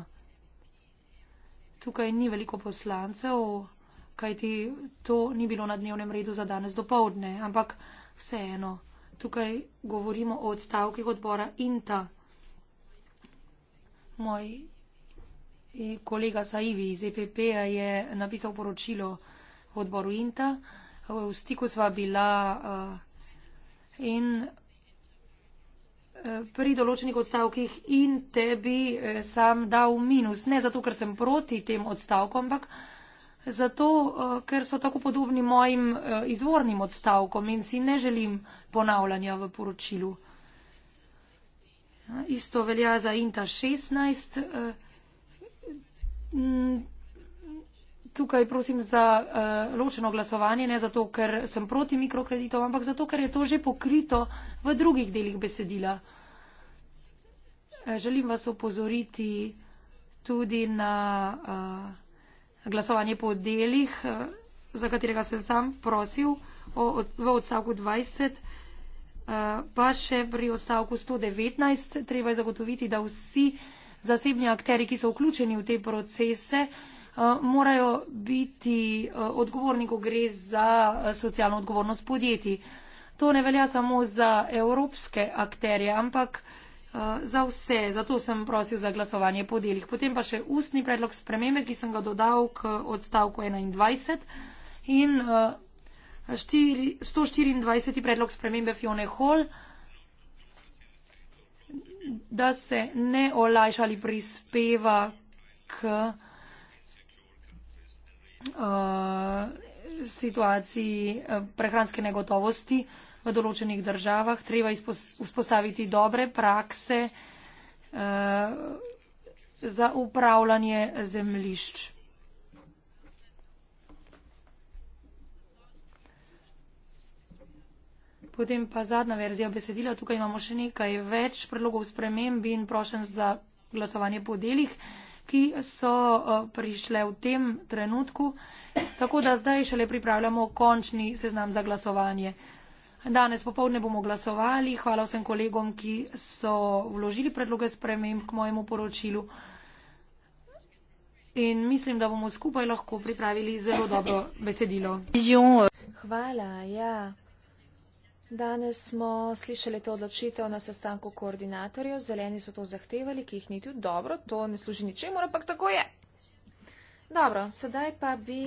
Tukaj ni veliko poslancev, kajti to ni bilo na dnevnem redu za danes do povdne, ampak vseeno, tukaj govorimo o odstavkih odbora Inta moj kolega Saivi iz EPP je napisal poročilo v odboru INTA. V stiku sva bila eh, in eh, pri določenih odstavkih in tebi eh, sam dal minus. Ne zato, ker sem proti tem odstavkom, ampak zato, ker so tako podobni mojim izvornim odstavkom in si ne želim ponavljanja v poročilu. Isto velja za Inta 16. Eh, tukaj prosim za eh, ločeno glasovanje, ne zato, ker sem proti mikrokreditov, ampak zato, ker je to že pokrito v drugih delih besedila. Eh, želim vas opozoriti tudi na glasovanje po delih, za katerega sem sam prosil v odstavku 20. Pa še pri odstavku 119 treba je zagotoviti, da vsi zasebni akteri, ki so vključeni v te procese, eh, morajo biti eh, odgovorni, ko gre za eh, socialno odgovornost podjetij. To ne velja samo za evropske akterje, ampak za vse. Zato sem prosil za glasovanje po delih. Potem pa še ustni predlog spremembe, ki sem ga dodal k odstavku 21. In, 124. predlog spremembe Fione Hall, da se ne olajša ali prispeva k uh, situaciji uh, prehranske negotovosti v določenih državah. Treba vzpostaviti dobre prakse uh, za upravljanje zemlišč. Potem pa zadnja verzija besedila. Tukaj imamo še nekaj več predlogov sprememb in prošen za glasovanje po delih, ki so eh, prišle v tem trenutku. Tako da zdaj šele pripravljamo končni seznam za glasovanje. Danes popovdne bomo glasovali. Hvala vsem kolegom, ki so vložili predloge sprememb k mojemu poročilu. In mislim, da bomo skupaj lahko pripravili zelo dobro besedilo. Eh. Hvala, ja. Danes smo slišali to odločitev na sestanku koordinatorjev. Zeleni so to zahtevali, ki jih ni tudi dobro. To ne služi ničemor, ampak tako je. Dobro, sedaj pa bi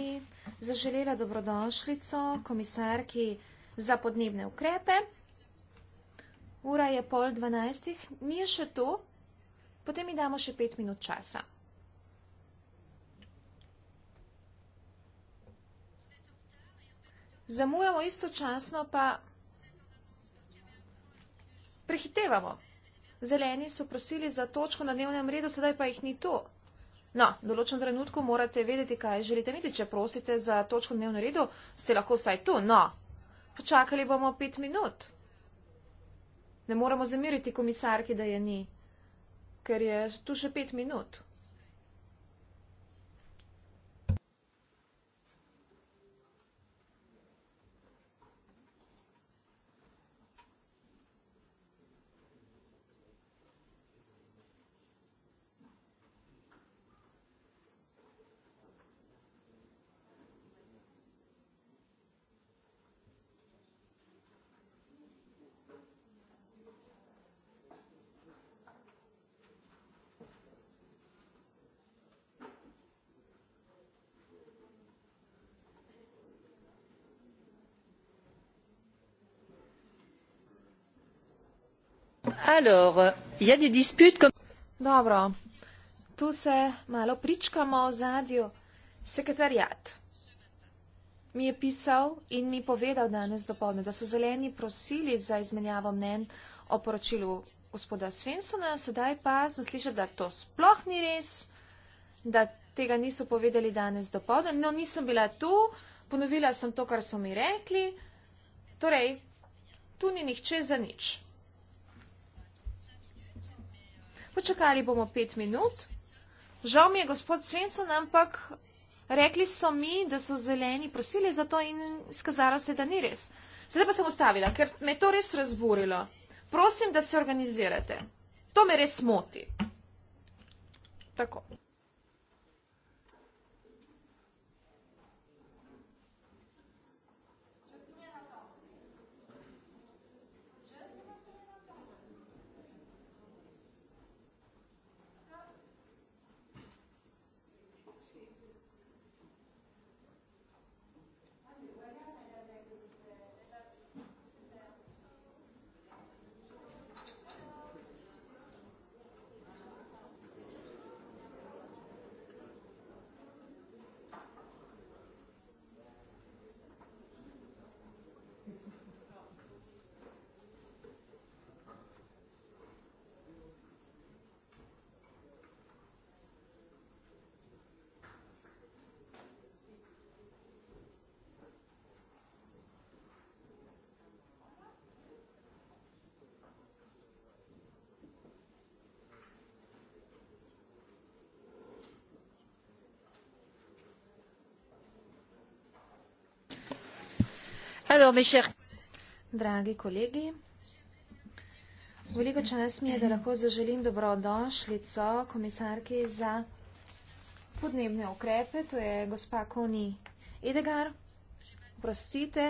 zaželela dobrodošlico komisarki za podnebne ukrepe. Ura je pol dvanajstih, ni še tu, potem mi damo še pet minut časa. Zamujamo istočasno pa prehitevamo. Zeleni so prosili za točko na dnevnem redu, sedaj pa jih ni tu. No, v določenem trenutku morate vedeti, kaj želite imeti, če prosite za točko na dnevnem redu, ste lahko vsaj tu. No, počakali bomo pet minut. Ne moremo zameriti komisarki, da je ni, ker je tu še pet minut. Dobro, tu se malo pričkamo v zadju. Sekretarjat mi je pisal in mi povedal danes dopolne, da so zeleni prosili za izmenjavo mnen o poročilu gospoda Svensona, sedaj pa sem slišal, da to sploh ni res, da tega niso povedali danes dopolne. No, nisem bila tu, ponovila sem to, kar so mi rekli. Torej, tu ni nihče za nič počakali bomo pet minut. Žal mi je gospod Svensson, ampak rekli so mi, da so zeleni prosili za to in skazalo se, da ni res. Sedaj pa sem ustavila, ker me je to res razburilo. Prosim, da se organizirate. To me res moti. Tako. Alors, mes chers... Dragi kolegi, veliko čas mi je, da lahko zaželim dobrodošlico komisarki za podnebne ukrepe, to je gospa Koni Edegar. Oprostite,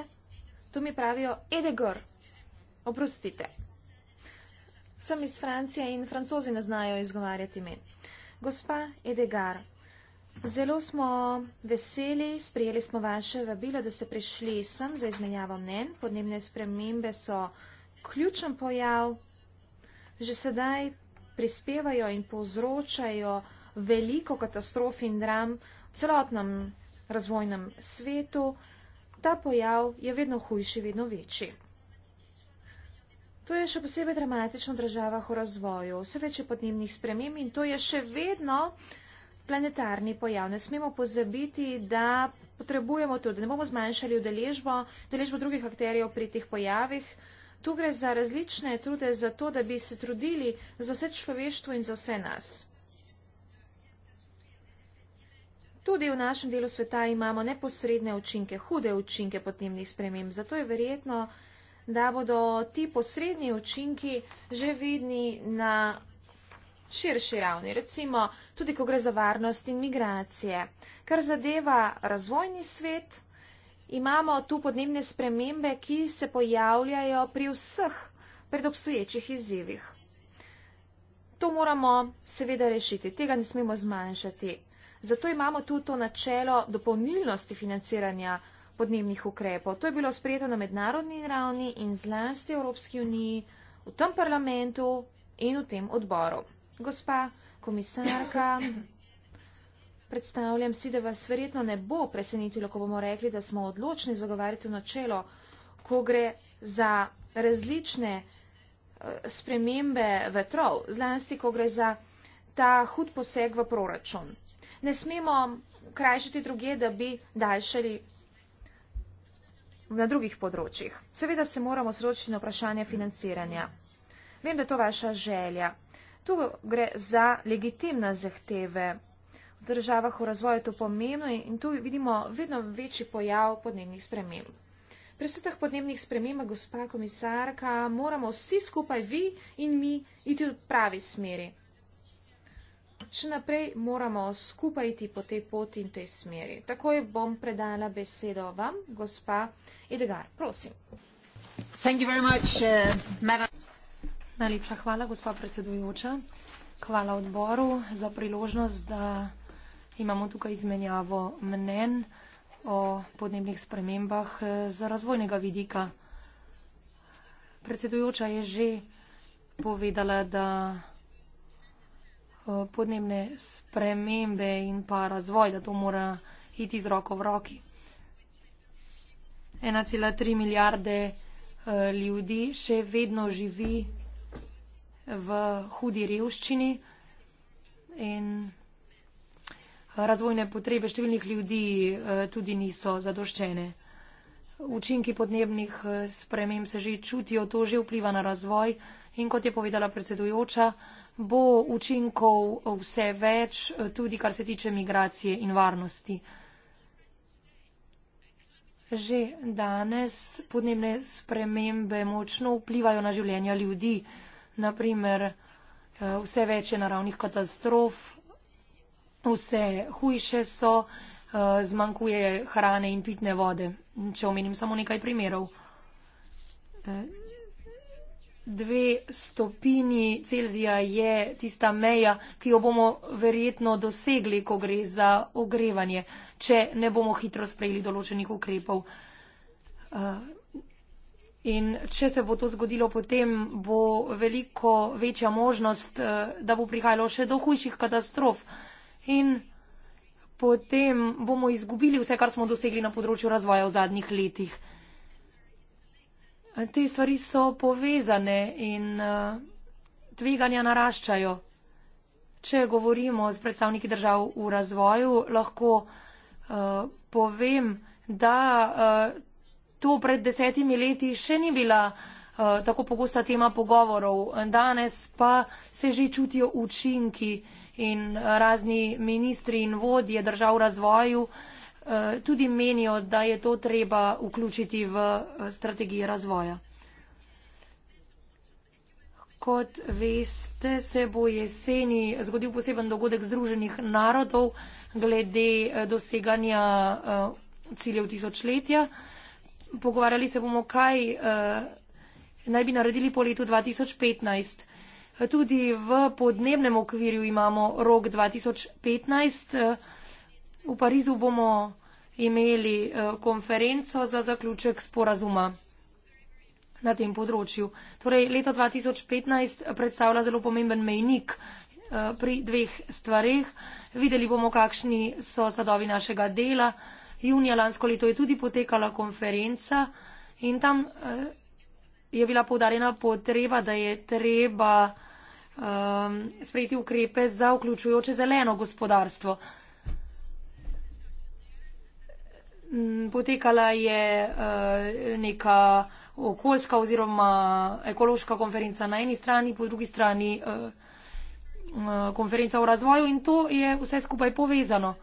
tu mi pravijo Edegor. Oprostite. Sem iz Francije in francozi ne znajo izgovarjati imen. Gospa Edegar, Zelo smo veseli, sprijeli smo vaše vabilo, da ste prišli sem za izmenjavo mnen. Podnebne spremembe so ključen pojav, že sedaj prispevajo in povzročajo veliko katastrof in dram v celotnem razvojnem svetu. Ta pojav je vedno hujši, vedno večji. To je še posebej dramatično v državah v razvoju. Vse več je podnebnih sprememb in to je še vedno planetarni pojav. Ne smemo pozabiti, da potrebujemo tudi, da ne bomo zmanjšali udeležbo, udeležbo drugih akterjev pri teh pojavih. Tu gre za različne trude, za to, da bi se trudili za vse človeštvo in za vse nas. Tudi v našem delu sveta imamo neposredne učinke, hude učinke podnebnih sprememb. Zato je verjetno, da bodo ti posredni učinki že vidni na širši ravni, recimo tudi, ko gre za varnost in migracije. Kar zadeva razvojni svet, imamo tu podnebne spremembe, ki se pojavljajo pri vseh predobstoječih izzivih. To moramo seveda rešiti, tega ne smemo zmanjšati. Zato imamo tu to načelo dopolnilnosti financiranja podnebnih ukrepov. To je bilo sprejeto na mednarodni ravni in zlasti Evropski uniji, v tem parlamentu in v tem odboru gospa komisarka. Predstavljam si, da vas verjetno ne bo presenetilo, ko bomo rekli, da smo odločni zagovarjati načelo, ko gre za različne eh, spremembe vetrov, zlasti, ko gre za ta hud poseg v proračun. Ne smemo krajšati druge, da bi daljšali na drugih področjih. Seveda se moramo sročiti na vprašanje financiranja. Vem, da to vaša želja. Tu gre za legitimne zahteve. V državah v razvoju je to pomembno in tu vidimo vedno večji pojav podnebnih sprememb. Pri vseh podnebnih spremembah, gospa komisarka, moramo vsi skupaj, vi in mi, iti v pravi smeri. Če naprej moramo skupaj iti po tej poti in tej smeri. Takoj bom predala besedo vam, gospa Edgar. Prosim. Thank you very much, uh, madam. Najlepša hvala, gospa predsedujoča. Hvala odboru za priložnost, da imamo tukaj izmenjavo mnen o podnebnih spremembah eh, z razvojnega vidika. Predsedujoča je že povedala, da eh, podnebne spremembe in pa razvoj, da to mora iti z roko v roki. 1,3 milijarde eh, ljudi še vedno živi v hudi revščini in razvojne potrebe številnih ljudi eh, tudi niso zadoščene. Učinki podnebnih eh, sprememb se že čutijo, to že vpliva na razvoj in kot je povedala predsedujoča, bo učinkov vse več, eh, tudi kar se tiče migracije in varnosti. Že danes podnebne spremembe močno vplivajo na življenja ljudi naprimer eh, vse več je naravnih katastrof, vse hujše so, eh, zmanjkuje hrane in pitne vode. Če omenim samo nekaj primerov. Eh, dve stopini Celzija je tista meja, ki jo bomo verjetno dosegli, ko gre za ogrevanje, če ne bomo hitro sprejeli določenih ukrepov. In če se bo to zgodilo, potem bo veliko večja možnost, eh, da bo prihajalo še do hujših katastrof. In potem bomo izgubili vse, kar smo dosegli na področju razvoja v zadnjih letih. Te stvari so povezane in eh, tveganja naraščajo. Če govorimo s predstavniki držav v razvoju, lahko uh, povem, da uh, to pred desetimi leti še ni bila uh, tako pogosta tema pogovorov. Danes pa se že čutijo učinki in razni ministri in vodje držav v razvoju uh, tudi menijo, da je to treba vključiti v eh, strategije razvoja. Kot veste, se bo jeseni zgodil poseben dogodek Združenih narodov glede doseganja ciljev tisočletja pogovarjali se bomo, kaj uh, naj bi naredili po letu 2015. Tudi v podnebnem okvirju imamo rok 2015. V Parizu bomo imeli eh, konferenco za zaključek sporazuma na tem področju. Torej, leto 2015 predstavlja zelo pomemben mejnik eh, pri dveh stvareh. Videli bomo, kakšni so sadovi našega dela junija lansko leto je tudi potekala konferenca in tam eh, je bila povdarjena potreba, da je treba um, sprejeti ukrepe za vključujoče zeleno gospodarstvo. Mm, potekala je uh, neka okoljska oziroma ekološka konferenca na eni strani, po drugi strani uh, uh, konferenca o razvoju in to je vse skupaj povezano. Uh,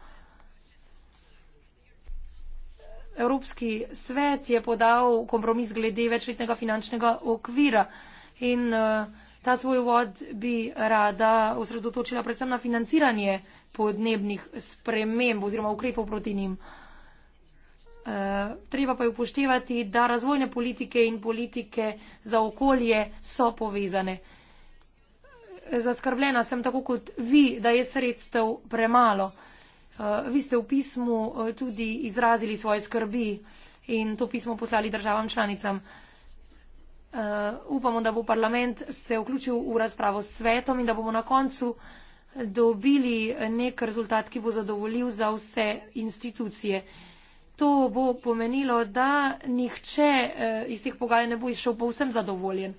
Evropski svet je podal kompromis glede večletnega finančnega okvira in eh, ta svoj vod bi rada osredotočila predvsem na financiranje podnebnih sprememb oziroma ukrepov proti njim. Eh, treba pa je upoštevati, da razvojne politike in politike za okolje so povezane. Zaskrbljena sem tako kot vi, da je sredstev premalo. Eh, vi ste v pismu eh, tudi izrazili svoje skrbi in to pismo poslali državam članicam. Eh, upamo, da bo parlament se vključil v razpravo s svetom in da bomo na koncu dobili nek rezultat, ki bo zadovoljiv za vse institucije. To bo pomenilo, da nihče iz teh pogajanj ne bo izšel povsem zadovoljen.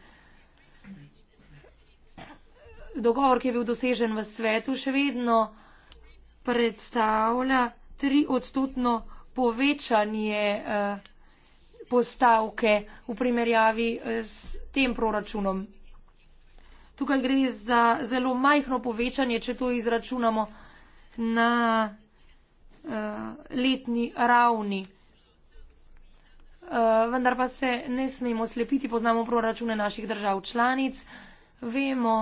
Dogovor, ki je bil dosežen v svetu, še vedno predstavlja triodstotno povečanje eh, postavke v primerjavi eh, s tem proračunom. Tukaj gre za zelo majhno povečanje, če to izračunamo na eh, letni ravni. Vendar pa se ne smemo slepiti, poznamo proračune naših držav članic, vemo,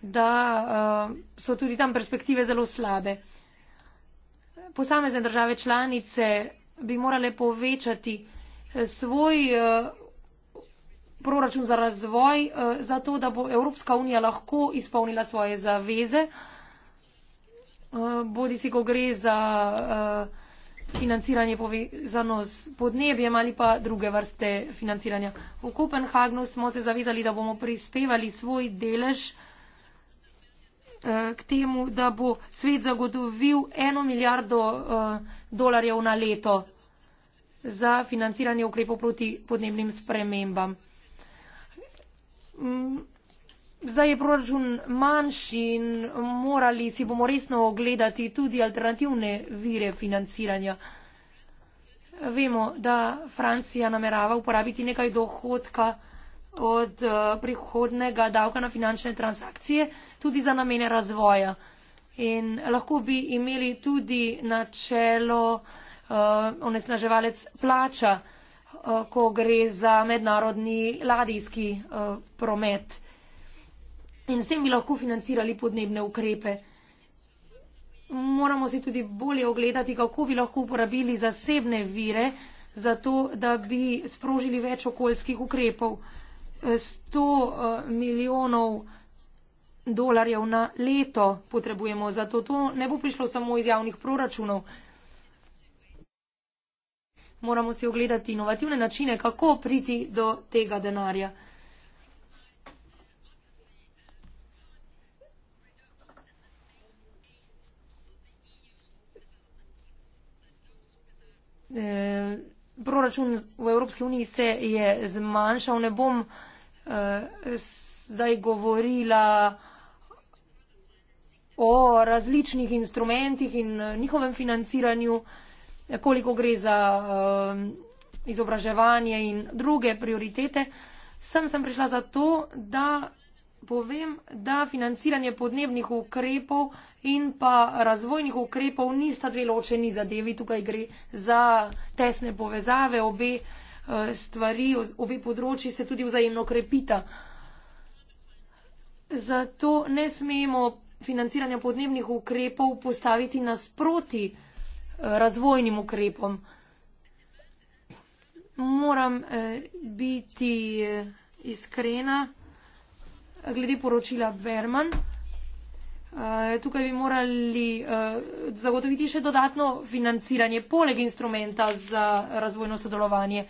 da so tudi tam perspektive zelo slabe posamezne države članice bi morale povečati eh, svoj eh, proračun za razvoj, eh, zato da bo Evropska unija lahko izpolnila svoje zaveze, bodi si, ko gre za financiranje povezano s podnebjem ali pa druge vrste financiranja. V Kopenhagnu smo se zavezali, da bomo prispevali svoj delež Eh, k temu, da bo svet zagotovil eno milijardo eh, dolarjev na leto za financiranje ukrepov proti podnebnim spremembam. Mm, zdaj je proračun manjši in morali si bomo resno ogledati tudi alternativne vire financiranja. Vemo, da Francija namerava uporabiti nekaj dohodka od eh, prihodnega davka na finančne transakcije tudi za namene razvoja. In lahko bi imeli tudi načelo uh, onesnaževalec plača, uh, ko gre za mednarodni ladijski uh, promet. In s tem bi lahko financirali podnebne ukrepe. Moramo si tudi bolje ogledati, kako bi lahko uporabili zasebne vire, zato da bi sprožili več okoljskih ukrepov. Uh, 100 eh, milijonov dolarjev na leto potrebujemo. Zato to ne bo prišlo samo iz javnih proračunov. Moramo si ogledati inovativne načine, kako priti do tega denarja. E, proračun v Evropski uniji se je zmanjšal. Ne bom eh, zdaj govorila o različnih instrumentih in eh, njihovem financiranju, eh, koliko gre za eh, izobraževanje in druge prioritete. Sem sem prišla zato, da povem, da financiranje podnebnih ukrepov eh, in pa razvojnih ukrepov nista dve ločeni zadevi. Tukaj gre za tesne povezave, obe eh, stvari, obe področji se tudi vzajemno krepita. Zato ne smemo financiranja podnebnih ukrepov postaviti nasproti eh, razvojnim ukrepom. Moram eh, biti eh, iskrena glede poročila Berman. Eh, tukaj bi morali eh, zagotoviti še dodatno financiranje poleg instrumenta za razvojno sodelovanje.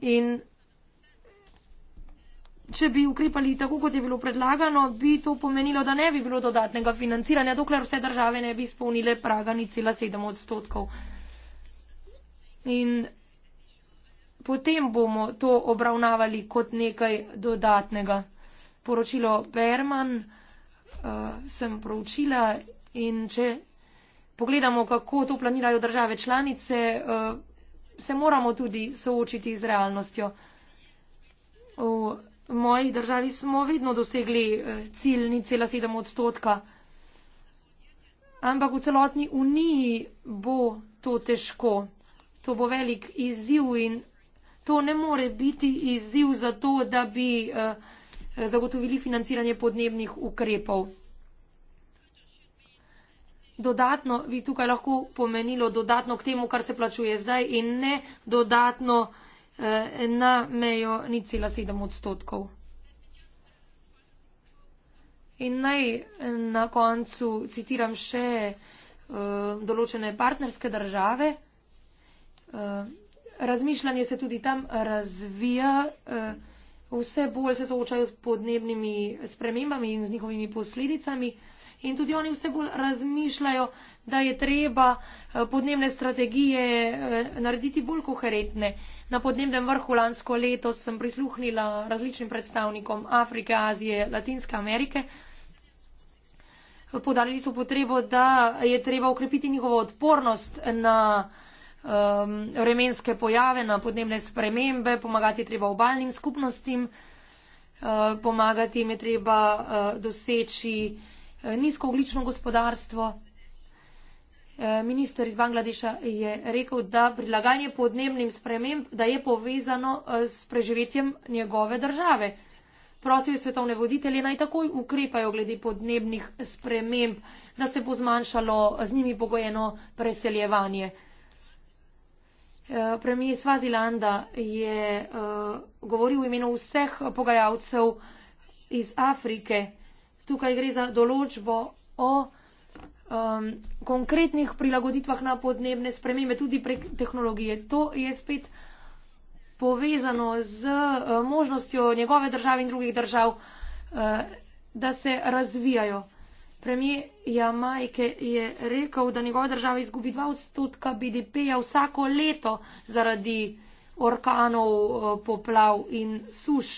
In če bi ukrepali tako, kot je bilo predlagano, bi to pomenilo, da ne bi bilo dodatnega financiranja, dokler vse države ne bi spolnile praga ni cela sedem odstotkov. In potem bomo to obravnavali kot nekaj dodatnega. Poročilo Berman uh, sem proučila in če pogledamo, kako to planirajo države članice, uh, se moramo tudi soočiti z realnostjo. V moji državi smo vedno dosegli eh, cilj ni cela sedem odstotka, ampak v celotni uniji bo to težko. To bo velik izziv in to ne more biti izziv za to, da bi eh, zagotovili financiranje podnebnih ukrepov. Dodatno bi tukaj lahko pomenilo dodatno k temu, kar se plačuje zdaj in ne dodatno eh, na mejo ni cela sedem odstotkov. In naj eh, na koncu citiram še določene partnerske države, razmišljanje se tudi tam razvija, eh, vse bolj se soočajo s podnebnimi spremembami in z njihovimi posledicami. In tudi oni vse bolj razmišljajo, da je treba eh, podnebne strategije eh, narediti bolj koherentne. Na podnebnem vrhu lansko leto sem prisluhnila različnim predstavnikom Afrike, Azije, Latinske Amerike. Podarili so potrebo, da je treba ukrepiti njihovo odpornost na um, vremenske pojave, na podnebne spremembe, pomagati treba obaljnim skupnostim, uh, pomagati jim je treba uh, doseči uh, nizkooglično gospodarstvo. Uh, minister iz Bangladeša je rekel, da prilagajanje podnebnim sprememb, da je povezano uh, s preživetjem njegove države. Prosil je svetovne voditelje naj takoj ukrepajo glede podnebnih sprememb, da se bo zmanjšalo z njimi pogojeno preseljevanje. Eh, Premijer Svazilanda je eh, govoril v imenu vseh pogajalcev iz Afrike. Tukaj gre za določbo o konkretnih prilagoditvah na podnebne spremembe, tudi prek tehnologije. To je spet povezano z eh, možnostjo njegove države in drugih držav, da se razvijajo. Premijer Jamaike je rekel, da njegova država izgubi 2 odstotka BDP-ja vsako leto zaradi orkanov, eh, poplav in suš.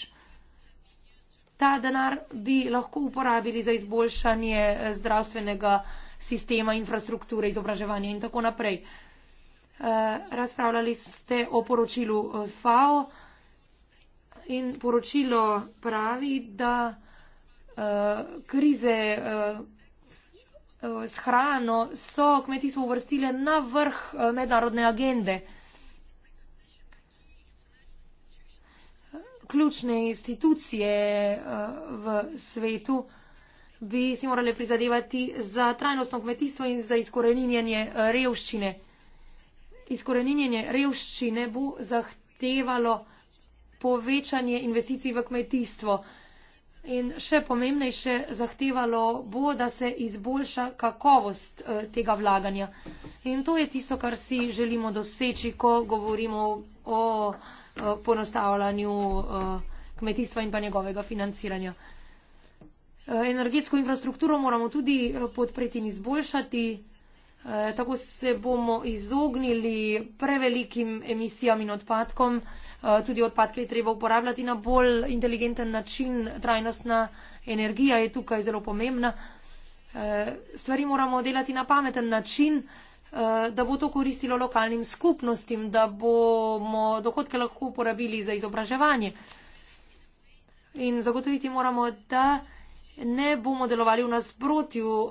Ta denar bi lahko uporabili za izboljšanje eh, zdravstvenega sistema, infrastrukture, izobraževanja in tako naprej. Eh, razpravljali ste o poročilu FAO in poročilo pravi, da Eh, krize eh, eh, s hrano so kmetijstvo uvrstile na vrh mednarodne agende. Ključne institucije v svetu bi si morali prizadevati za trajnostno kmetijstvo in za izkoreninjenje revščine. Izkoreninjenje revščine bo zahtevalo povečanje investicij v kmetijstvo. In še pomembnejše zahtevalo bo, da se izboljša kakovost eh, tega vlaganja. In to je tisto, kar si želimo doseči, ko govorimo o eh, ponostavljanju eh, kmetijstva in pa njegovega financiranja. Energetsko infrastrukturo moramo tudi podpreti in izboljšati. Eh, tako se bomo izognili prevelikim emisijam in odpadkom. Eh, tudi odpadke je treba uporabljati na bolj inteligenten način. Trajnostna energija je tukaj zelo pomembna. Eh, stvari moramo delati na pameten način, da bo to koristilo lokalnim skupnostim, da bomo dohodke lahko uporabili za izobraževanje. In zagotoviti moramo, da ne bomo delovali v nasprotju uh,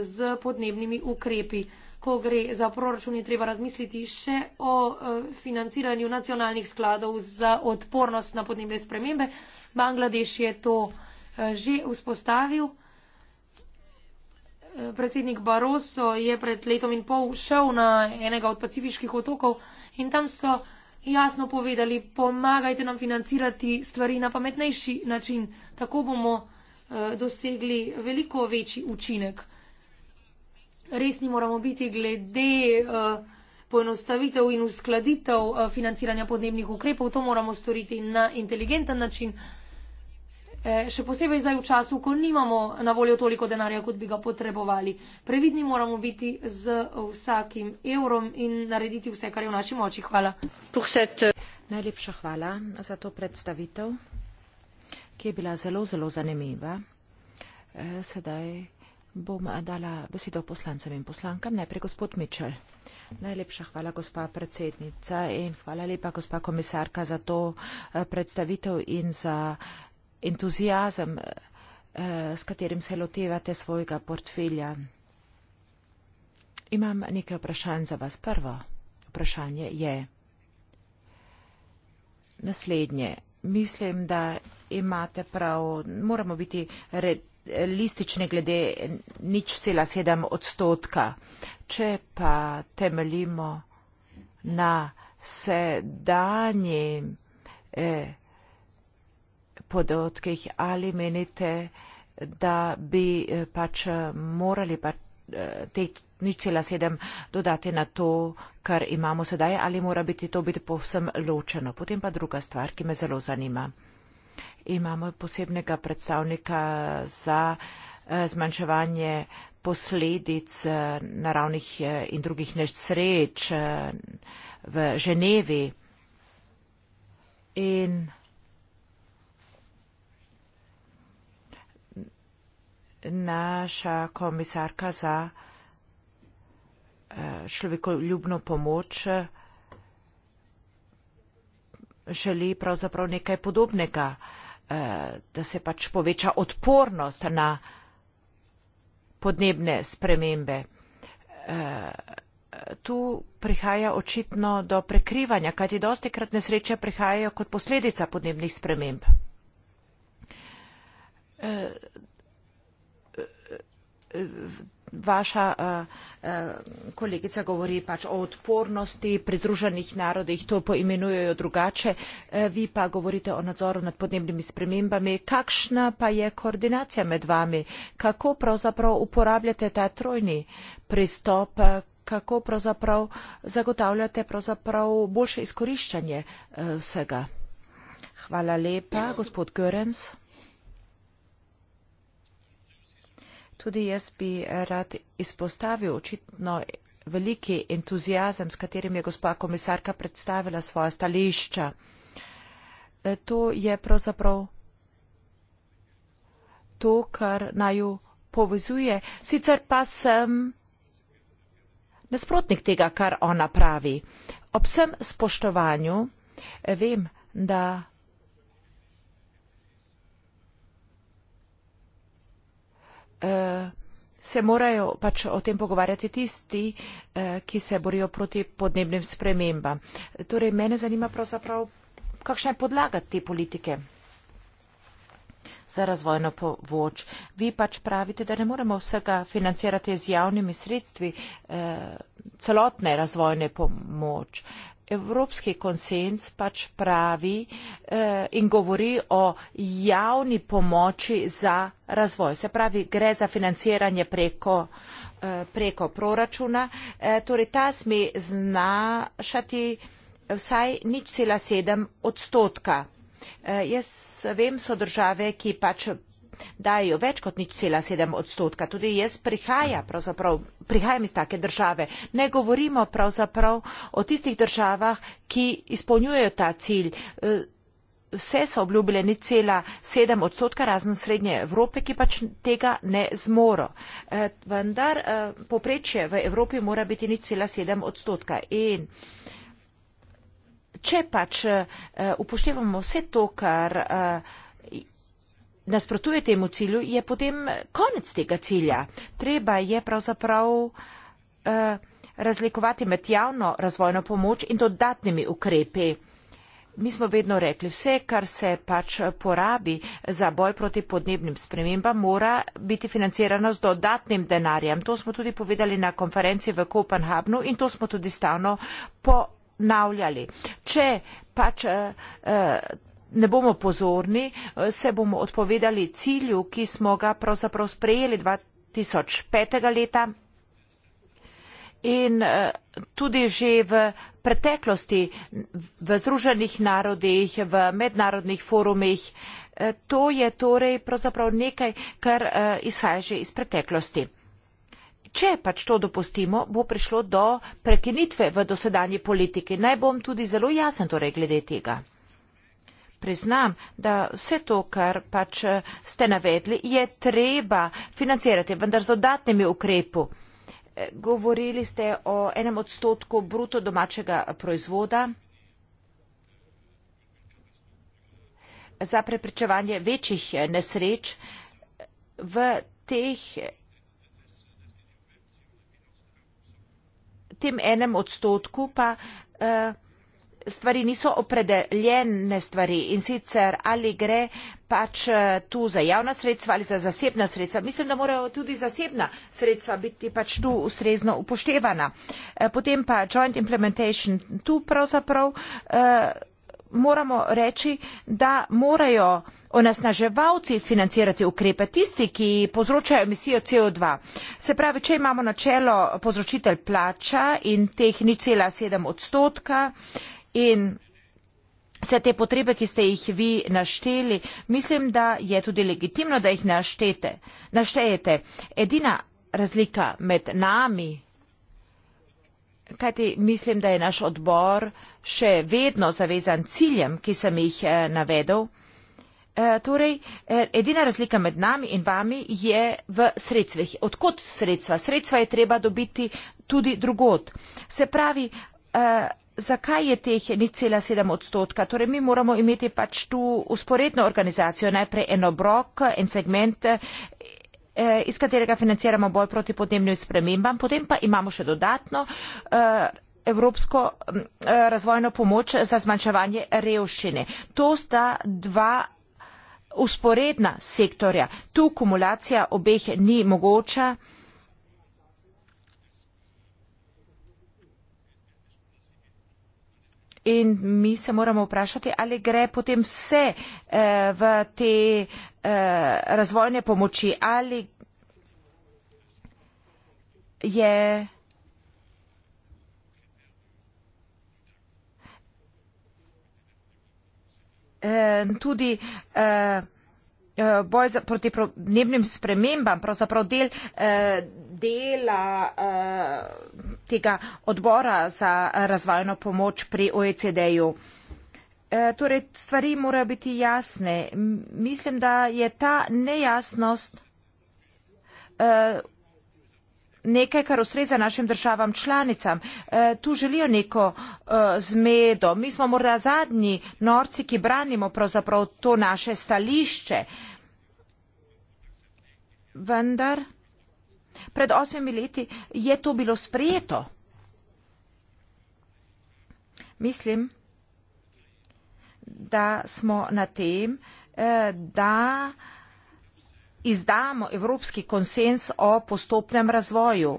z podnebnimi ukrepi. Ko gre za proračun, je treba razmisliti še o uh, financiranju nacionalnih skladov za odpornost na podnebne spremembe. Bangladeš je to uh, že vzpostavil. Predsednik Barroso je pred letom in pol šel na enega od pacifiških otokov in tam so jasno povedali, pomagajte nam financirati stvari na pametnejši način, tako bomo Eh, dosegli veliko večji učinek. Resni moramo biti glede eh, poenostavitev in uskladitev eh, financiranja podnebnih ukrepov. To moramo storiti na inteligenten način. Še posebej zdaj v času, ko nimamo na voljo toliko denarja, kot bi ga potrebovali. Previdni moramo biti z vsakim evrom in narediti vse, kar je v naši moči. Hvala. Najlepša hvala za to predstavitev ki je bila zelo, zelo zanimiva. Eh, sedaj bom dala besedo poslancem in poslankam. Najprej gospod Mičel. Najlepša hvala, gospa predsednica in hvala lepa, gospa komisarka, za to eh, predstavitev in za entuzijazem, eh, s katerim se lotevate svojega portfelja. Imam nekaj vprašanj za vas. Prvo vprašanje je naslednje mislim, da imate prav, moramo biti realistični glede nič cela sedem odstotka. Če pa temeljimo na sedanji eh, podatkih, ali menite, da bi eh, pač eh, morali pa teh nič cela sedem dodati na to, kar imamo sedaj, ali mora biti to biti povsem ločeno. Potem pa druga stvar, ki me zelo zanima. Imamo posebnega predstavnika za eh, zmanjševanje posledic eh, naravnih eh, in drugih nesreč v Ženevi. In naša komisarka za človekoljubno pomoč eh, želi pravzaprav nekaj podobnega, eh, da se pač poveča odpornost na podnebne spremembe. Eh, tu prihaja očitno do prekrivanja, kajti dostikrat nesreče prihajajo kot posledica podnebnih sprememb vaša uh, uh, kolegica govori pač o odpornosti pri združenih narodih, to poimenujejo drugače, uh, vi pa govorite o nadzoru nad podnebnimi spremembami. Kakšna pa je koordinacija med vami? Kako pravzaprav uporabljate ta trojni pristop? Kako pravzaprav zagotavljate pravzaprav boljše izkoriščanje uh, vsega? Hvala lepa, gospod Görens. Tudi jaz bi rad izpostavil očitno veliki entuzijazem, s katerim je gospa komisarka predstavila svoja stališča. E, to je pravzaprav to, kar naju povezuje. Sicer pa sem nasprotnik tega, kar ona pravi. Ob vsem spoštovanju e, vem, da Eh, se morajo pač o tem pogovarjati tisti, eh, ki se borijo proti podnebnim spremembam. Torej, mene zanima pravzaprav, kakšna je podlaga te politike za razvojno povoč. Vi pač pravite, da ne moremo vsega financirati z javnimi sredstvi eh, celotne razvojne pomoč. Evropski konsens pač pravi eh, in govori o javni pomoči za razvoj. Se pravi, gre za financiranje preko, eh, preko proračuna. Eh, torej, ta sme znašati vsaj nič cela sedem odstotka. Eh, jaz vem, so države, ki pač dajo več kot nič cela sedem odstotka. Tudi jaz prihaja, prihajam iz take države. Ne govorimo pravzaprav o tistih državah, ki izpolnjujejo ta cilj. Eh, vse so obljubile nič cela sedem odstotka razen srednje Evrope, ki pač tega ne zmoro. Eh, vendar eh, poprečje v Evropi mora biti nič cela sedem odstotka. In Če pač uh, upoštevamo vse to, kar uh, nasprotuje temu cilju, je potem konec tega cilja. Treba je pravzaprav eh, razlikovati med javno razvojno pomoč in dodatnimi ukrepi. Mi smo vedno rekli, vse, kar se pač porabi za boj proti podnebnim spremembam, mora biti financirano z dodatnim denarjem. To smo tudi povedali na konferenci v Kopenhagnu in to smo tudi stavno ponavljali. Če pač eh, eh ne bomo pozorni, eh, se bomo odpovedali cilju, ki smo ga pravzaprav sprejeli 2005. leta in eh, tudi že v preteklosti v Združenih narodih, v mednarodnih forumih. Eh, to je torej pravzaprav nekaj, kar izhaja že iz preteklosti. Če pač to dopustimo, bo prišlo do prekinitve v dosedanji politiki. Naj bom tudi zelo jasen torej glede tega priznam, da vse to, kar pač eh, ste navedli, je treba financirati, vendar z dodatnimi ukrepi. Eh, govorili ste o enem odstotku bruto domačega proizvoda za preprečevanje večjih eh, nesreč v teh, tem enem odstotku pa uh, stvari niso opredeljene stvari in sicer ali gre pač eh, tu za javna sredstva ali za zasebna sredstva. Mislim, da morajo tudi zasebna sredstva biti pač tu ustrezno upoštevana. Eh, potem pa joint implementation. Tu pravzaprav eh, moramo reči, da morajo onasnaževalci financirati ukrepe, tisti, ki povzročajo emisijo CO2. Se pravi, če imamo načelo povzročitelj plača in teh ni cela sedem odstotka, in vse te potrebe, ki ste jih vi našteli, mislim, da je tudi legitimno, da jih naštete, naštejete. Edina razlika med nami, kajti mislim, da je naš odbor še vedno zavezan ciljem, ki sem jih eh, navedel, eh, Torej, eh, edina razlika med nami in vami je v sredstvih. Odkot sredstva? Sredstva je treba dobiti tudi drugot. Se pravi, zakaj je teh 0,7 odstotka? Torej, mi moramo imeti pač tu usporedno organizacijo, najprej en obrok, en segment, eh, iz katerega financiramo boj proti podnebnim spremembam, potem pa imamo še dodatno eh, evropsko eh, razvojno pomoč za zmanjševanje revščine. To sta dva usporedna sektorja. Tu kumulacija obeh ni mogoča. in mi se moramo vprašati, ali gre potem vse eh, v te eh, razvojne pomoči, ali je eh, tudi vsega, Eh, boj za, proti podnebnim spremembam, pravzaprav del eh, dela eh, tega odbora za razvojno pomoč pri OECD-ju. Eh, torej, stvari morajo biti jasne. Mislim, da je ta nejasnost eh, nekaj, kar ustreza našim državam članicam. E, tu želijo neko e, zmedo. Mi smo morda zadnji norci, ki branimo pravzaprav to naše stališče. Vendar pred osmimi leti je to bilo sprejeto. Mislim, da smo na tem, e, da izdamo evropski konsens o postopnem razvoju.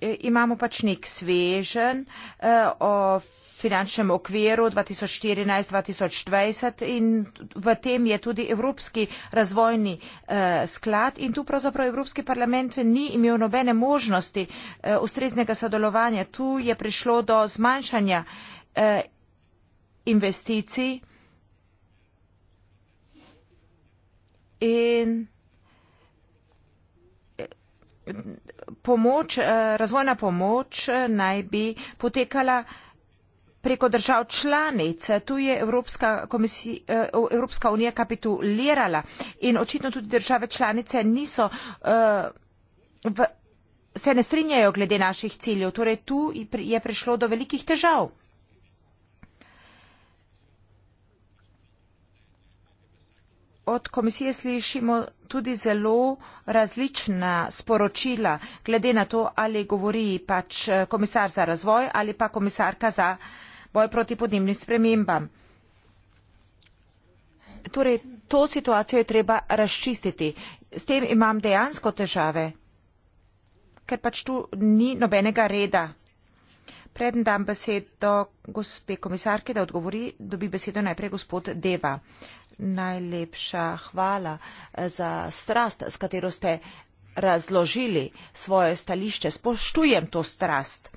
E, imamo pač nek svežen e, o finančnem okviru 2014-2020 in v tem je tudi Evropski razvojni e, sklad in tu pravzaprav Evropski parlament ni imel nobene možnosti ustreznega sodelovanja. Tu je prišlo do zmanjšanja investicij. in pomoč, eh, razvojna pomoč eh, naj bi potekala preko držav članic, tu je Evropska, komisija, eh, Evropska unija kapitulirala in očitno tudi države članice niso, uh, v, se ne strinjajo glede naših ciljev, torej tu je prišlo do velikih težav. od komisije slišimo tudi zelo različna sporočila, glede na to, ali govori pač eh, komisar za razvoj ali pa komisarka za boj proti podnebnim spremembam. Torej, to situacijo je treba razčistiti. S tem imam dejansko težave, ker pač tu ni nobenega reda. Preden dam besedo gospe komisarke, da odgovori, dobi besedo najprej gospod Deva najlepša hvala eh, za strast, s katero ste razložili svoje stališče. Spoštujem to strast.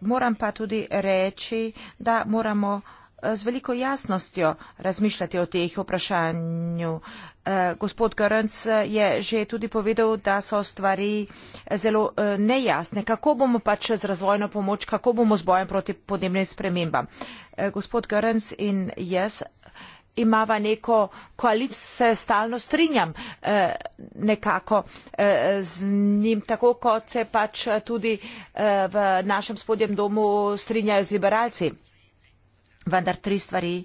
Moram pa tudi reči, da moramo eh, z veliko jasnostjo razmišljati o teh vprašanju. Eh, gospod Garenc je že tudi povedal, da so stvari zelo nejasne. Kako bomo pač z razvojno pomoč, kako bomo z bojem proti podnebnim spremembam? Gospod Garenc in jaz imava neko koalicijo, se stalno strinjam eh, nekako eh, z njim, tako kot se pač tudi eh, v našem spodjem domu strinjajo z liberalci. Vendar tri stvari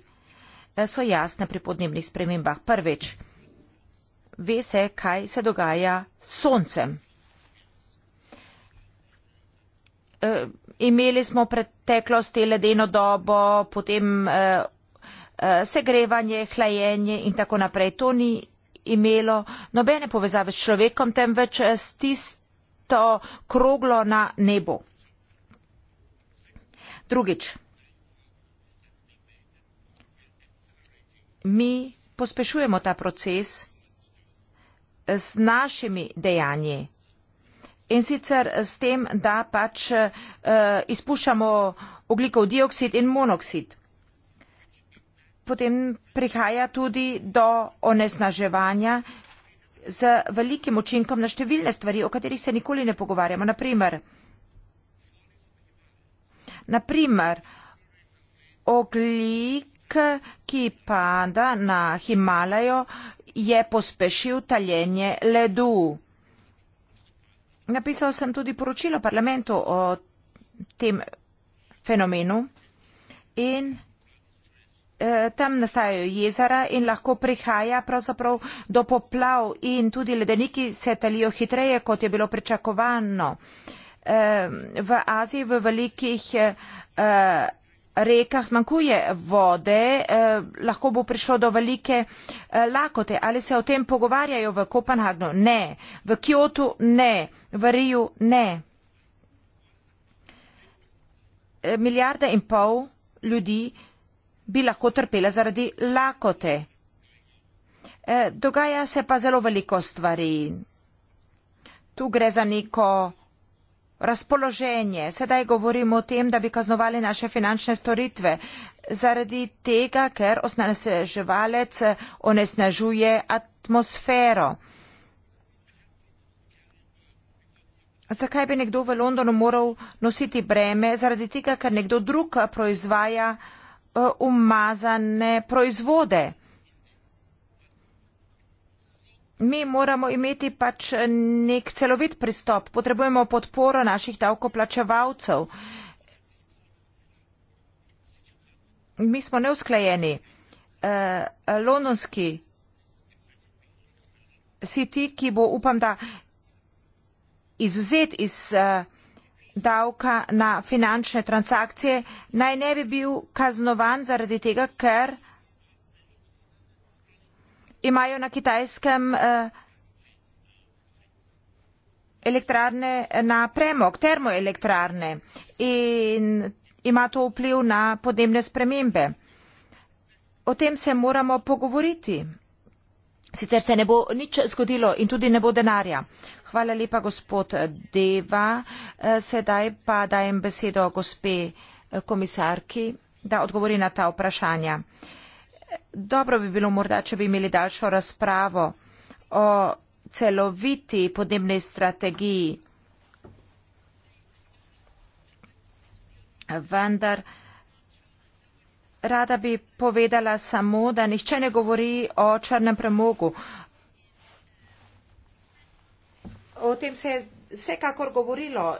eh, so jasne pri podnebnih spremembah. Prvič, ve se, kaj se dogaja s soncem. Eh, imeli smo preteklost te ledeno dobo, potem eh, Eh, segrevanje, hlajenje in tako naprej. To ni imelo nobene povezave s človekom, temveč eh, s tisto kroglo na nebu. Drugič. Mi pospešujemo ta proces s eh, našimi dejanji in sicer s tem, da pač uh, izpuščamo oglikov dioksid in monoksid potem prihaja tudi do onesnaževanja z velikim učinkom na številne stvari, o katerih se nikoli ne pogovarjamo. Naprimer, naprimer oglik, ki pada na Himalajo, je pospešil taljenje ledu. Napisal sem tudi poročilo parlamentu o tem fenomenu in Eh, tam nastajajo jezera in lahko prihaja pravzaprav do poplav in tudi ledeniki se talijo hitreje, kot je bilo pričakovano. Eh, v Aziji, v velikih eh, rekah zmanjkuje vode, lahko bo prišlo do velike lakote. Ali se o tem pogovarjajo v Kopenhagnu? Ne. V Kjotu? Ne. V Riju? Ne. Milijarde in pol ljudi bi lahko trpela zaradi lakote. E, dogaja se pa zelo veliko stvari. Tu gre za neko razpoloženje. Sedaj govorimo o tem, da bi kaznovali naše finančne storitve zaradi tega, ker osnaževalec onesnažuje atmosfero. Zakaj bi nekdo v Londonu moral nositi breme? Zaradi tega, ker nekdo drug proizvaja umazane proizvode. Mi moramo imeti pač nek celovit pristop, potrebujemo podporo naših davkoplačevalcev. Mi smo neusklajeni. Eh, londonski si ti, ki bo upam, da izuzet iz. Uh, davka na finančne transakcije naj ne bi bil kaznovan zaradi tega, ker imajo na kitajskem eh, elektrarne na premog, termoelektrarne in ima to vpliv na podnebne spremembe. O tem se moramo pogovoriti. Sicer se ne bo nič zgodilo in tudi ne bo denarja. Hvala lepa, gospod Deva. Eh, sedaj pa dajem besedo gospe eh, komisarki, da odgovori na ta vprašanja. Dobro bi bilo morda, če bi imeli daljšo razpravo o celoviti podnebni strategiji, vendar rada bi povedala samo, da nihče ne govori o črnem premogu o tem se je vsekakor govorilo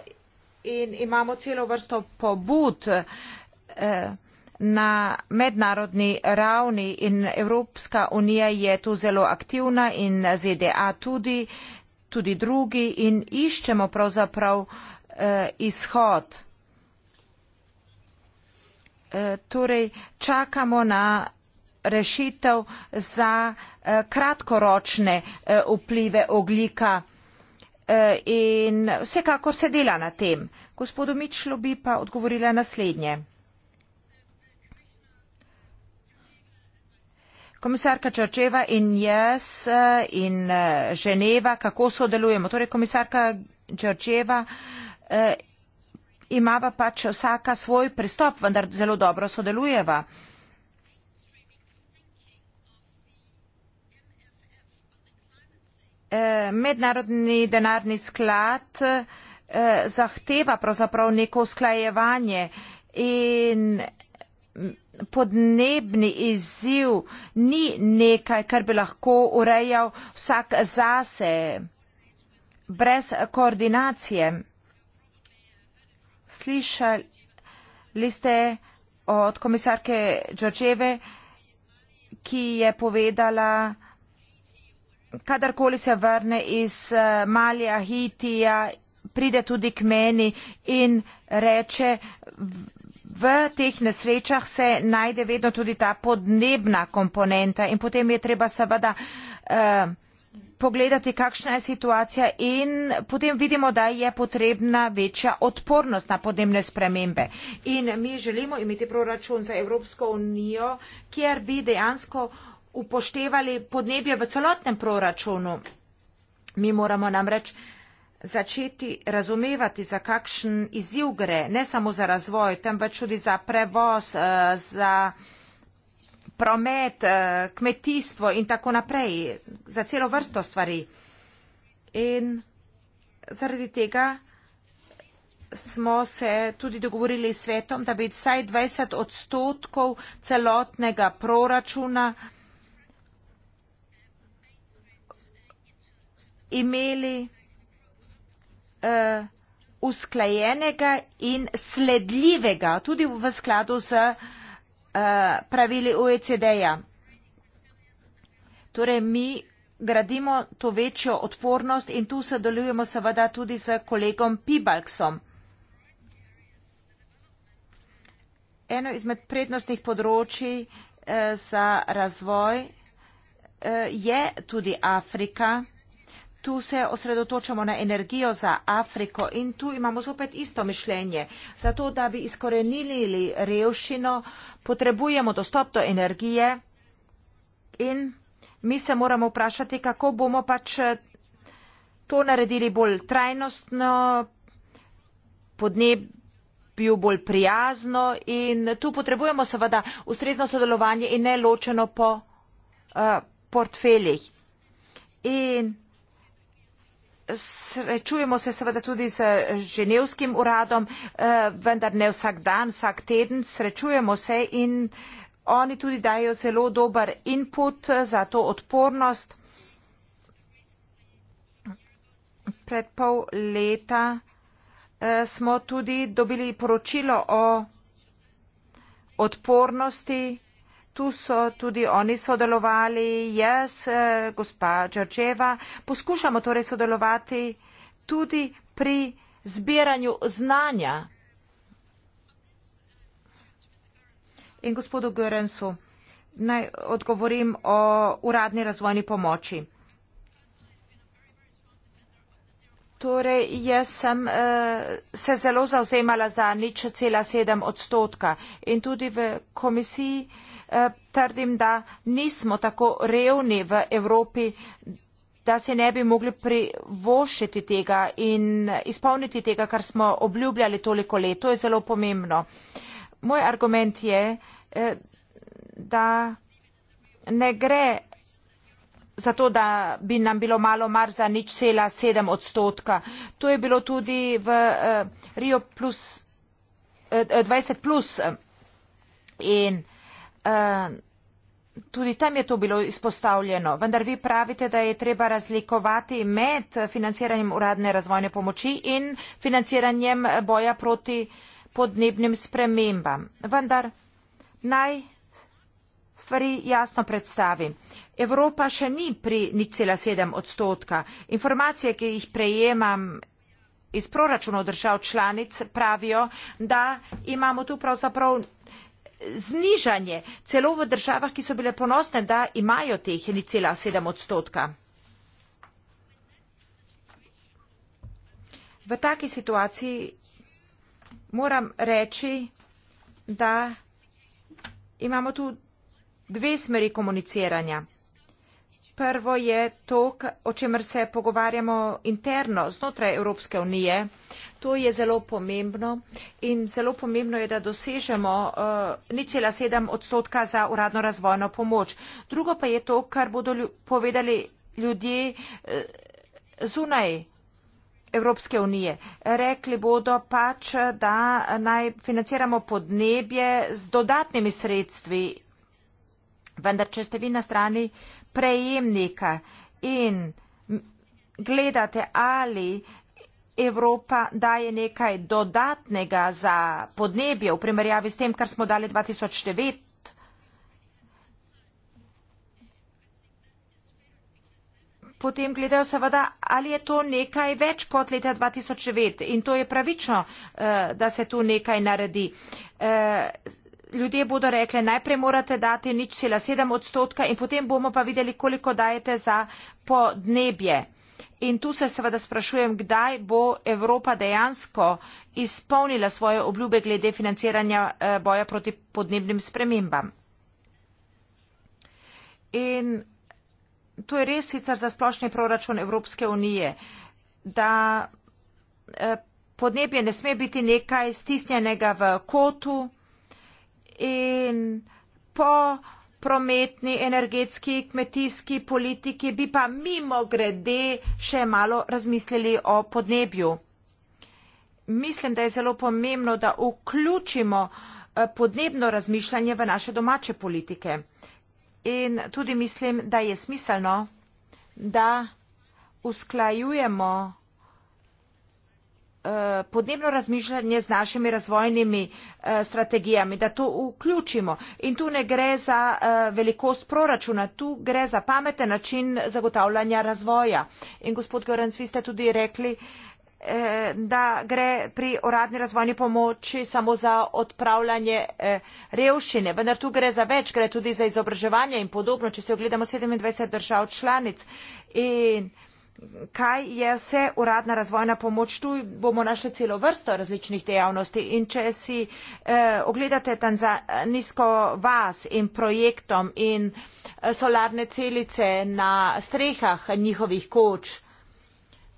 in imamo celo vrsto pobud eh, na mednarodni ravni in Evropska unija je tu zelo aktivna in ZDA tudi, tudi drugi in iščemo pravzaprav eh, izhod. Eh, torej čakamo na rešitev za kratkoročne vplive oglika Eh, in vsekakor se dela na tem. Gospodu Mičlu bi pa odgovorila naslednje. Komisarka Čočeva in jaz eh, in eh, Ženeva, kako sodelujemo? Torej, komisarka Čočeva imava pač vsaka svoj pristop, vendar zelo dobro sodelujeva. Eh, mednarodni denarni sklad eh, zahteva pravzaprav neko usklajevanje in podnebni izziv ni nekaj, kar bi lahko urejal vsak zase brez koordinacije. Slišali ste od komisarke Đorđeve, ki je povedala, kadarkoli se vrne iz eh, Malija, Hitija, pride tudi k meni in reče, v teh nesrečah se najde vedno tudi ta podnebna komponenta in potem je treba seveda eh, pogledati, kakšna je situacija in potem vidimo, da je potrebna večja odpornost na podnebne spremembe. In mi želimo imeti proračun za Evropsko unijo, kjer bi dejansko upoštevali podnebje v celotnem proračunu. Mi moramo namreč začeti razumevati, za kakšen izziv gre, ne samo za razvoj, temveč tudi za prevoz, eh, za promet, eh, kmetijstvo in tako naprej, za celo vrsto stvari. In zaradi tega smo se tudi dogovorili s svetom, da bi vsaj 20 odstotkov celotnega proračuna imeli eh, usklajenega in sledljivega, tudi v skladu z eh, pravili OECD-ja. Torej, mi gradimo to večjo odpornost in tu sodelujemo seveda tudi z kolegom Pibalksom. Eno izmed prednostnih področji eh, za razvoj je tudi Afrika tu se osredotočamo na energijo za Afriko in tu imamo zopet isto mišljenje. Zato, da bi izkorenili revščino, potrebujemo dostop do energije in mi se moramo vprašati, kako bomo pač eh, to naredili bolj trajnostno, podneb bil bolj prijazno in tu potrebujemo seveda ustrezno sodelovanje in ne ločeno po uh, portfeljih. In srečujemo se seveda tudi z ženevskim uradom, eh, vendar ne vsak dan, vsak teden. Srečujemo se in oni tudi dajo zelo dober input za to odpornost. Pred pol leta eh, smo tudi dobili poročilo o odpornosti tu so tudi oni sodelovali, jaz, eh, gospa Đorđeva. Poskušamo torej sodelovati tudi pri zbiranju znanja. In gospodu Görensu, naj odgovorim o uradni razvojni pomoči. Torej, jaz sem eh, se zelo zauzemala za nič cela sedem odstotka in tudi v komisiji eh, Eh, trdim, da nismo tako revni v Evropi, da se ne bi mogli privošiti tega in izpolniti tega, kar smo obljubljali toliko let. To je zelo pomembno. Moj argument je, eh, da ne gre zato, da bi nam bilo malo mar za nič cela sedem odstotka. To je bilo tudi v eh, Rio plus, 20 plus in Eh, tudi tam je to bilo izpostavljeno, vendar vi pravite, da je treba razlikovati med financiranjem uradne razvojne pomoči in financiranjem boja proti podnebnim spremembam. Vendar naj stvari jasno predstavi. Evropa še ni pri nič cela sedem odstotka. Informacije, ki jih prejemam iz proračunov držav članic, pravijo, da imamo tu pravzaprav znižanje, celo v državah, ki so bile ponosne, da imajo teh 1,7 odstotka. V taki situaciji moram reči, da imamo tu dve smeri komuniciranja. Prvo je to, o čemer se pogovarjamo interno znotraj Evropske unije. To je zelo pomembno in zelo pomembno je, da dosežemo uh, eh, 0,7 odstotka za uradno razvojno pomoč. Drugo pa je to, kar bodo lju povedali ljudje uh, zunaj Evropske unije. Rekli bodo pač, da naj financiramo podnebje z dodatnimi sredstvi. Vendar, če ste vi na strani uh, prejemnika in gledate, ali Evropa daje nekaj dodatnega za podnebje v primerjavi s tem, kar smo dali 2009. Potem gledajo seveda, ali je to nekaj več kot leta 2009 in to je pravično, eh, da se tu nekaj naredi. Eh, ljudje bodo rekli, najprej morate dati nič cela sedem odstotka in potem bomo pa videli, koliko dajete za podnebje. In tu se seveda sprašujem, kdaj bo Evropa dejansko izpolnila svoje obljube glede financiranja eh, boja proti podnebnim spremembam. In to je res sicer za splošni proračun Evropske unije, da eh, podnebje ne sme biti nekaj stisnjenega v kotu, in po prometni, energetski, kmetijski politiki bi pa mimo grede še malo razmislili o podnebju. Mislim, da je zelo pomembno, da vključimo eh, podnebno razmišljanje v naše domače politike. In tudi mislim, da je smiselno, da usklajujemo Eh, podnebno razmišljanje z našimi razvojnimi eh, strategijami, da to vključimo. In tu ne gre za eh, velikost proračuna, tu gre za pameten način zagotavljanja razvoja. In gospod Gorenc, vi ste tudi rekli, da gre pri uradni razvojni pomoči samo za odpravljanje revščine, vendar tu gre za več, gre tudi za izobraževanje in podobno, če se ogledamo 27 držav članic. In kaj je vse uradna razvojna pomoč. Tu bomo našli celo vrsto različnih dejavnosti in če si eh, ogledate Tanzanijsko vas in projektom in eh, solarne celice na strehah njihovih koč,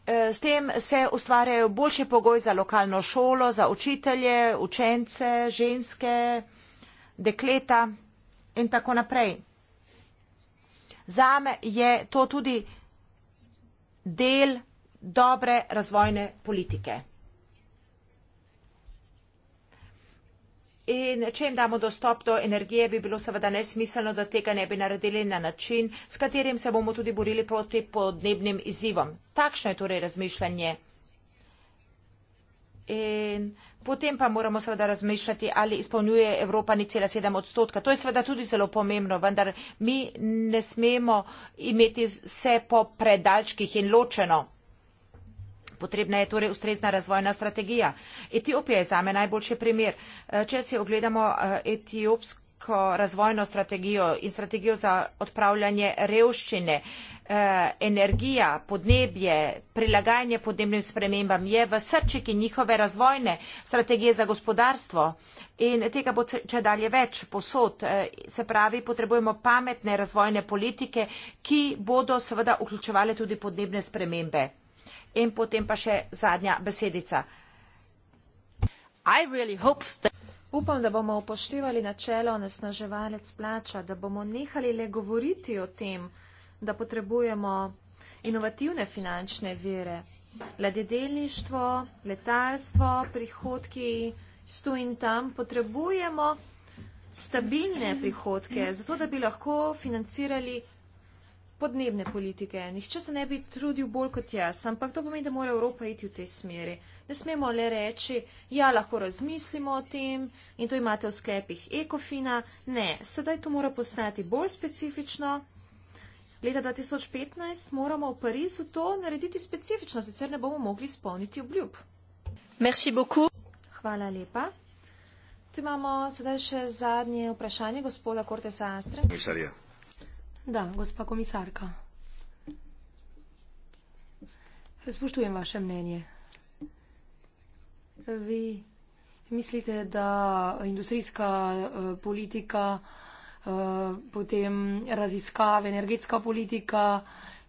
eh, s tem se ustvarjajo boljše pogoj za lokalno šolo, za učitelje, učence, ženske, dekleta in tako naprej. Zame je to tudi del dobre razvojne politike. In če jim damo dostop do energije, bi bilo seveda nesmiselno, da tega ne bi naredili na način, s katerim se bomo tudi borili proti podnebnim izzivom. Takšno je torej razmišljanje. In Potem pa moramo seveda razmišljati, ali izpolnjuje Evropa ni cela sedem odstotka. To je seveda tudi zelo pomembno, vendar mi ne smemo imeti vse po predalčkih in ločeno. Potrebna je torej ustrezna razvojna strategija. Etiopija je zame najboljši primer. Eh, če si ogledamo eh, etiopsko tako razvojno strategijo in strategijo za odpravljanje revščine, eh, energija, podnebje, prilagajanje podnebnim spremembam je v srčiki njihove razvojne strategije za gospodarstvo in tega bo če dalje več posod. Eh, se pravi, potrebujemo pametne razvojne politike, ki bodo seveda vključevale tudi podnebne spremembe. In potem pa še zadnja besedica. I really hope that Upam, da bomo upoštevali načelo nesnaževalec plača, da bomo nehali le govoriti o tem, da potrebujemo inovativne finančne vere. Ladjedelništvo, letalstvo, prihodki s tu in tam potrebujemo stabilne prihodke, zato da bi lahko financirali podnebne politike. Nihče se ne bi trudil bolj kot jaz, ampak to pomeni, da mora Evropa iti v tej smeri. Ne smemo le reči, ja, lahko razmislimo o tem in to imate v sklepih ekofina. Ne, sedaj to mora postati bolj specifično. Leta 2015 moramo v Parizu to narediti specifično, sicer ne bomo mogli spolniti obljub. Merci beaucoup. Hvala lepa. Tu imamo sedaj še zadnje vprašanje gospoda Kortesa Astra. Komisarija. Da, gospa komisarka. Spoštujem vaše mnenje. Vi mislite, da industrijska eh, politika, eh, potem raziskave, energetska politika,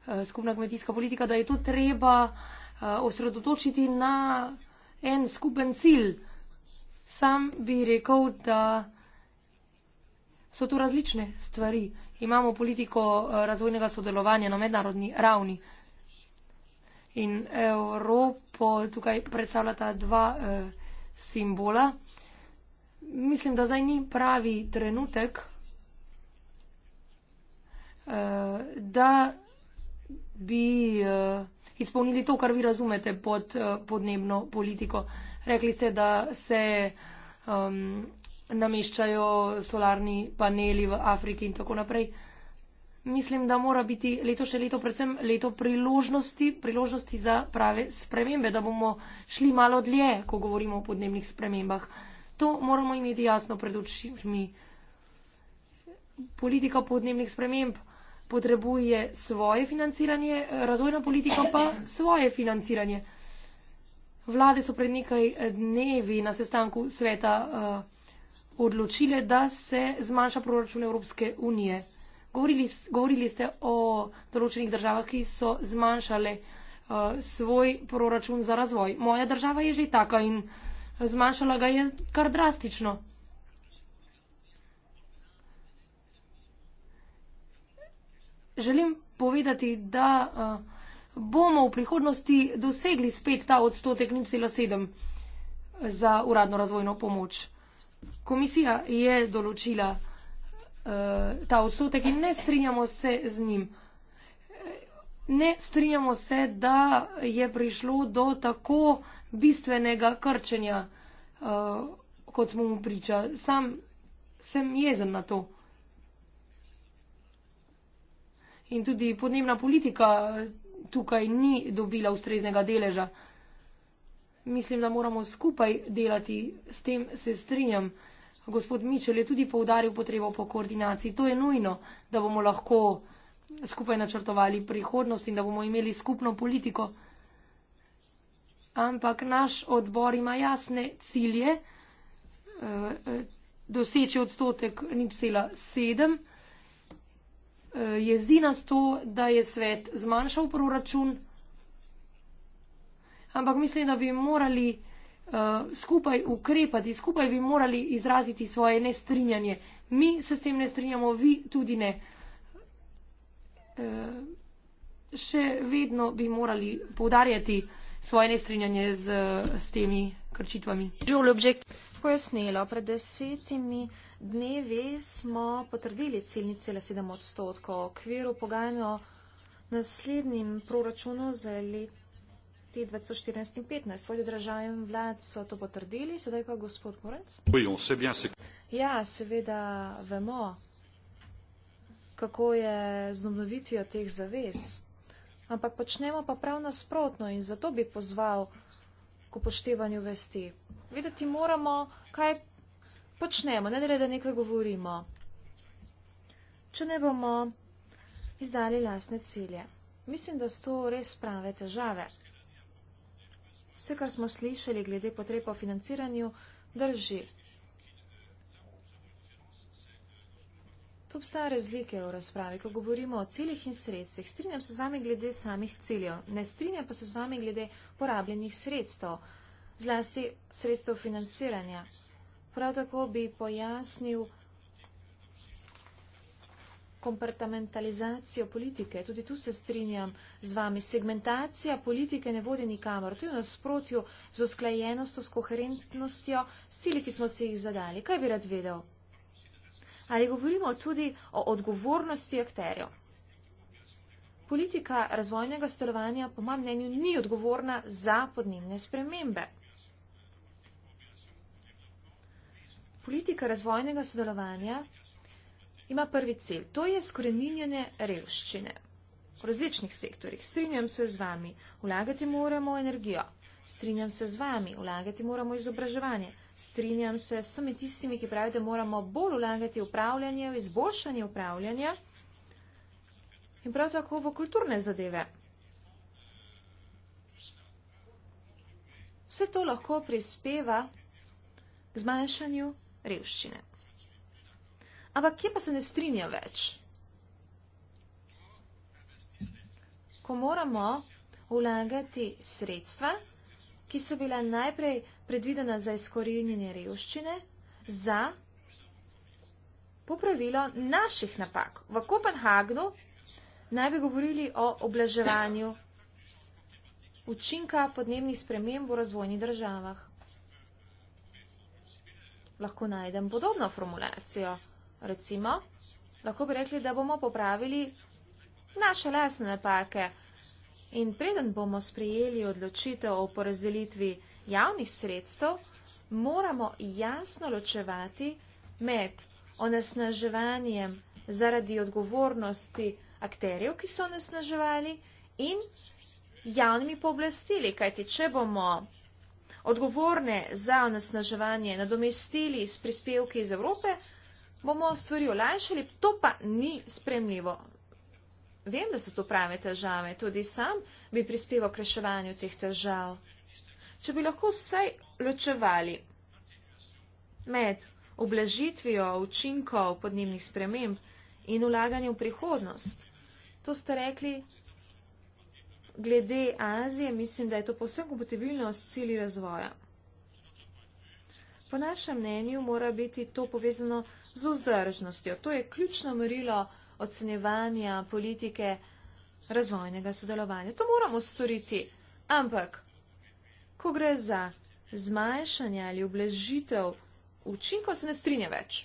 eh, skupna kmetijska politika, da je to treba osredotočiti na en skupen cilj. Sam bi rekel, da so to različne stvari imamo politiko eh, razvojnega sodelovanja na mednarodni ravni. In Evropo tukaj predstavljata dva eh, simbola. Mislim, da zdaj ni pravi trenutek, eh, da bi eh, izpolnili to, kar vi razumete pod eh, podnebno politiko. Rekli ste, da se. Um, nameščajo solarni paneli v Afriki in tako naprej. Mislim, da mora biti leto še leto, predvsem leto priložnosti, priložnosti za prave spremembe, da bomo šli malo dlje, ko govorimo o podnebnih spremembah. To moramo imeti jasno pred očmi. Politika podnebnih sprememb potrebuje svoje financiranje, razvojna politika pa svoje financiranje. Vlade so pred nekaj dnevi na sestanku sveta. Uh, odločile, da se zmanjša proračun Evropske unije. Govorili, govorili ste o določenih državah, ki so zmanjšale uh, svoj proračun za razvoj. Moja država je že taka in zmanjšala ga je kar drastično. Želim povedati, da uh, bomo v prihodnosti dosegli spet ta odstotek 0,7 za uradno razvojno pomoč. Komisija je določila uh, ta odstotek in ne strinjamo se z njim. Ne strinjamo se, da je prišlo do tako bistvenega krčenja, uh, kot smo mu priča. Sam sem jezen na to. In tudi podnebna politika tukaj ni dobila ustreznega deleža. Uh, Mislim, da moramo skupaj delati, s tem se strinjam. Gospod Mičel je tudi poudaril potrebo po koordinaciji. To je nujno, da bomo lahko skupaj načrtovali prihodnost in da bomo imeli skupno politiko. Ampak naš odbor ima jasne cilje, eh, eh, doseči odstotek nipsela 7. Eh, Jezdi nas to, da je svet zmanjšal proračun ampak mislim, da bi morali uh, skupaj ukrepati, skupaj bi morali izraziti svoje nestrinjanje. Mi se s tem ne strinjamo, vi tudi ne. Uh, še vedno bi morali povdarjati svoje nestrinjanje z, s temi krčitvami. Pojasnilo, pred desetimi dnevi smo potrdili ciljni cele sedem odstotkov. V okviru pogajanja o naslednjem proračunu za leto. Ja, seveda vemo, kako je z obnovitvijo teh zavez, ampak počnemo pa prav nasprotno in zato bi pozval k upoštevanju vesti. Vedeti moramo, kaj počnemo, ne le, da nekaj govorimo, če ne bomo izdali lasne cilje. Mislim, da so to res prave težave. Vse, kar smo slišali glede potreb po financiranju, drži. Tu obstaja razlike v razpravi, ko govorimo o ciljih in sredstvih. Strinjam se z vami glede samih ciljev, ne strinjam pa se z vami glede porabljenih sredstev, zlasti sredstev financiranja. Prav tako bi pojasnil, komportamentalizacijo politike. Tudi tu se strinjam z vami. Segmentacija politike ne vodi nikamor. To je v nasprotju z usklajenostjo, s koherentnostjo, s cilji, ki smo si jih zadali. Kaj bi rad vedel? Ali govorimo tudi o odgovornosti akterjev? Politika razvojnega stolovanja, po mojem mnenju, ni odgovorna za podnebne spremembe. Politika razvojnega sodelovanja ima prvi cilj. To je skoreninjene revščine v različnih sektorjih. Strinjam se z vami, vlagati moramo energijo. Strinjam se z vami, vlagati moramo izobraževanje. Strinjam se s vsemi tistimi, ki pravijo, da moramo bolj vlagati v upravljanje, v izboljšanje upravljanja in prav tako v kulturne zadeve. Vse to lahko prispeva k zmanjšanju revščine. Ampak kje pa se ne strinja več? Ko moramo vlagati sredstva, ki so bila najprej predvidena za izkorenjenje revščine, za popravilo naših napak. V Kopenhagnu naj bi govorili o oblaževanju učinka podnebnih sprememb v razvojnih državah. Lahko najdem podobno formulacijo recimo, lahko bi rekli, da bomo popravili naše lasne napake. In preden bomo sprejeli odločitev o porazdelitvi javnih sredstev, moramo jasno ločevati med onesnaževanjem zaradi odgovornosti akterjev, ki so onesnaževali, in javnimi pooblastili. Kajti, če bomo odgovorne za onesnaževanje nadomestili s prispevki iz Evrope, bomo stvari olajšali, to pa ni spremljivo. Vem, da so to prave težave, tudi sam bi prispeval k reševanju teh težav. Če bi lahko vsaj ločevali med oblažitvijo učinkov podnebnih sprememb in ulaganjem v prihodnost, to ste rekli glede Azije, mislim, da je to posebno potrebno s cilji razvoja. Po našem mnenju mora biti to povezano z vzdržnostjo. To je ključno merilo ocenjevanja politike razvojnega sodelovanja. To moramo storiti. Ampak, ko gre za zmanjšanje ali oblažitev učinkov, se ne strinja več.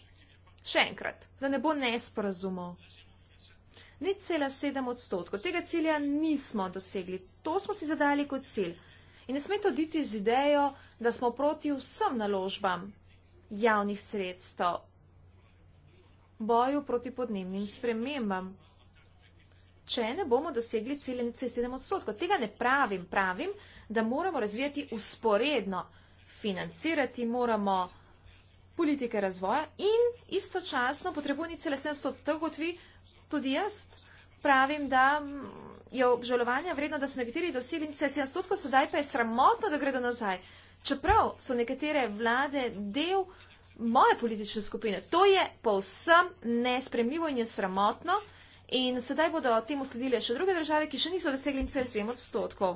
Še enkrat, da ne bo nesporazumov. Ni cela sedem odstotkov. Tega cilja nismo dosegli. To smo si zadali kot cilj in ne smete oditi z idejo, da smo proti vsem naložbam javnih sredstev, boju proti podnebnim spremembam. Če ne bomo dosegli cilje na C7 odstotkov, tega ne pravim, pravim, da moramo razvijati usporedno, financirati moramo politike razvoja in istočasno potrebujemo C7 odstotkov, kot vi, tudi jaz. Pravim, da je obžalovanja vredno, da so nekateri dosili 70%, sedaj pa je sramotno, da gredo nazaj. Čeprav so nekatere vlade del moje politične skupine. To je povsem nespremljivo in je sramotno. In sedaj bodo temu sledile še druge države, ki še niso dosegli 70%.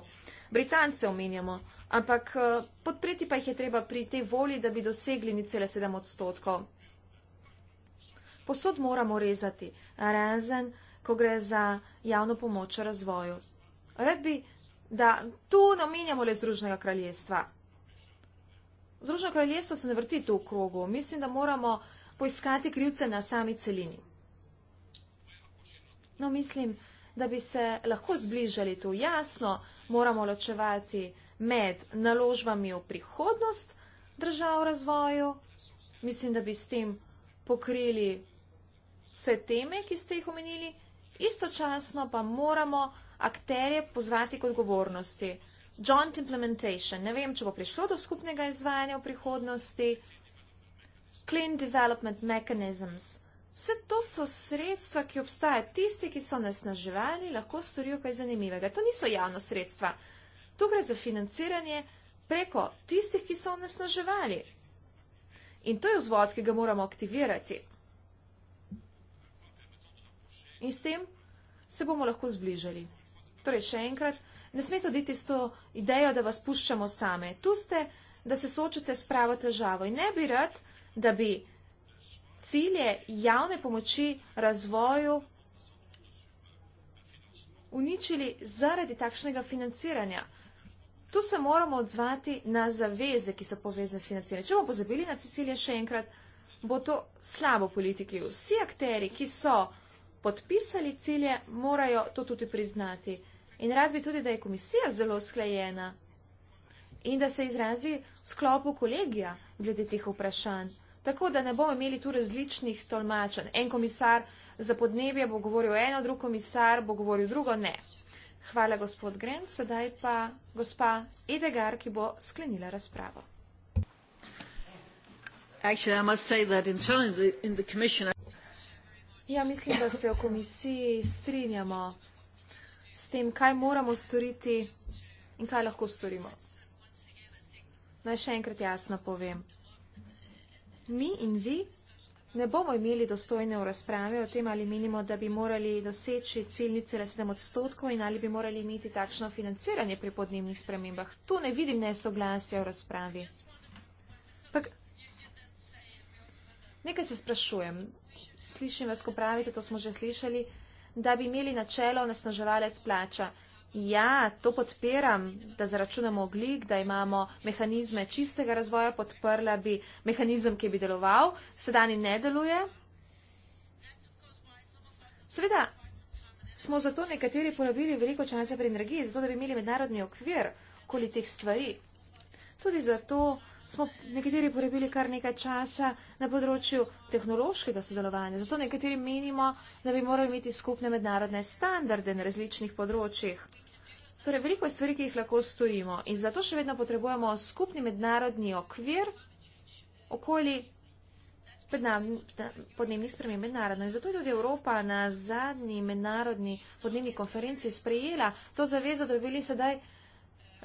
Britance omenjamo, ampak eh, podpreti pa jih je treba pri tej volji, da bi dosegli 70%. Posod moramo rezati, razen ko gre za javno pomoč v razvoju. Rad bi, da tu ne omenjamo le Združnega kraljestva. Združeno kraljestvo se ne vrti tu v krogu. Mislim, da moramo poiskati krivce na sami celini. No, mislim, da bi se lahko zbližali tu. Jasno, moramo ločevati med naložbami v prihodnost držav v razvoju. Mislim, da bi s tem pokrili vse teme, ki ste jih omenili istočasno pa moramo akterje pozvati k odgovornosti. Joint implementation, ne vem, če bo prišlo do skupnega izvajanja v prihodnosti, clean development mechanisms, vse to so sredstva, ki obstaja. Tisti, ki so nas naživali, lahko storijo kaj zanimivega. To niso javno sredstva. Tu gre za financiranje preko tistih, ki so nas naživali. In to je vzvod, ki ga moramo aktivirati in s tem se bomo lahko zbližali. Torej, še enkrat, ne smete oditi s to idejo, da vas puščamo same. Tu ste, da se soočate s pravo težavo in ne bi rad, da bi cilje javne pomoči razvoju uničili zaradi takšnega financiranja. Tu se moramo odzvati na zaveze, ki so povezane s financiranjem. Če bomo pozabili na cilje še enkrat, bo to slabo politiki. Vsi akteri, ki so podpisali cilje, morajo to tudi priznati. In rad bi tudi, da je komisija zelo sklejena in da se izrazi v sklopu kolegija glede teh vprašanj. Tako, da ne bomo imeli tu različnih tolmačen. En komisar za podnebje bo govoril eno, drug komisar bo govoril drugo, ne. Hvala, gospod Grenc. Sedaj pa gospa Edegar, ki bo sklenila razpravo. Actually, I must say that in telling the, in the Commission, I... Ja, mislim, da se v komisiji strinjamo s tem, kaj moramo storiti in kaj lahko storimo. Naj še enkrat jasno povem. Mi in vi ne bomo imeli dostojne v razprave o tem, ali menimo, da bi morali doseči ciljnice le 7 odstotkov in ali bi morali imeti takšno financiranje pri podnebnih spremembah. Tu ne vidim nesoglasja v razpravi. Pak, nekaj se sprašujem slišim vas, ko pravite, to smo že slišali, da bi imeli načelo nasnoževalec plača. Ja, to podpiram, da zaračunamo oglik, da imamo mehanizme čistega razvoja, podprla bi mehanizem, ki bi deloval, sedani ne deluje. Seveda, smo zato nekateri porabili veliko časa pri energiji, zato da bi imeli mednarodni okvir okoli teh stvari. Tudi zato smo nekateri porabili kar nekaj časa na področju tehnološkega sodelovanja. Zato nekateri menimo, da bi morali imeti skupne mednarodne standarde na različnih področjih. Torej, veliko je stvari, ki jih lahko storimo in zato še vedno potrebujemo skupni mednarodni okvir okoli podnebnih sprememb mednarodno. In zato je tudi Evropa na zadnji mednarodni podnebni konferenci sprejela to zavezo, da bi bili sedaj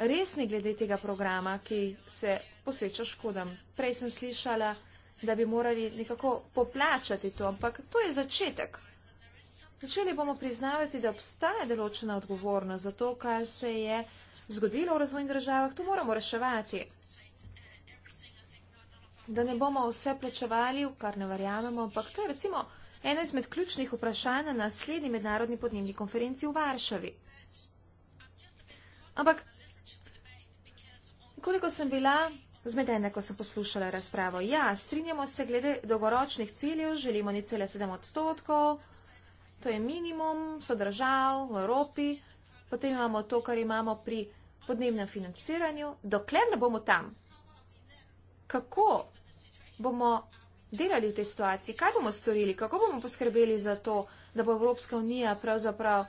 resni glede tega programa, ki se posveča škodam. Prej sem slišala, da bi morali nekako poplačati to, ampak to je začetek. Začeli bomo priznavati, da obstaja določena odgovornost za to, kaj se je zgodilo v razvojnih državah. To moramo reševati. Da ne bomo vse plačevali, v kar ne verjamemo, ampak to je recimo eno izmed ključnih vprašanj na naslednji mednarodni podnebni konferenci v Varšavi. Ampak koliko sem bila zmedena, ko sem poslušala razpravo. Ja, strinjamo se glede dolgoročnih ciljev, želimo ni cele sedem odstotkov, to je minimum, so držav v Evropi, potem imamo to, kar imamo pri podnebnem financiranju, dokler ne bomo tam. Kako bomo delali v tej situaciji, kaj bomo storili, kako bomo poskrbeli za to, da bo Evropska unija pravzaprav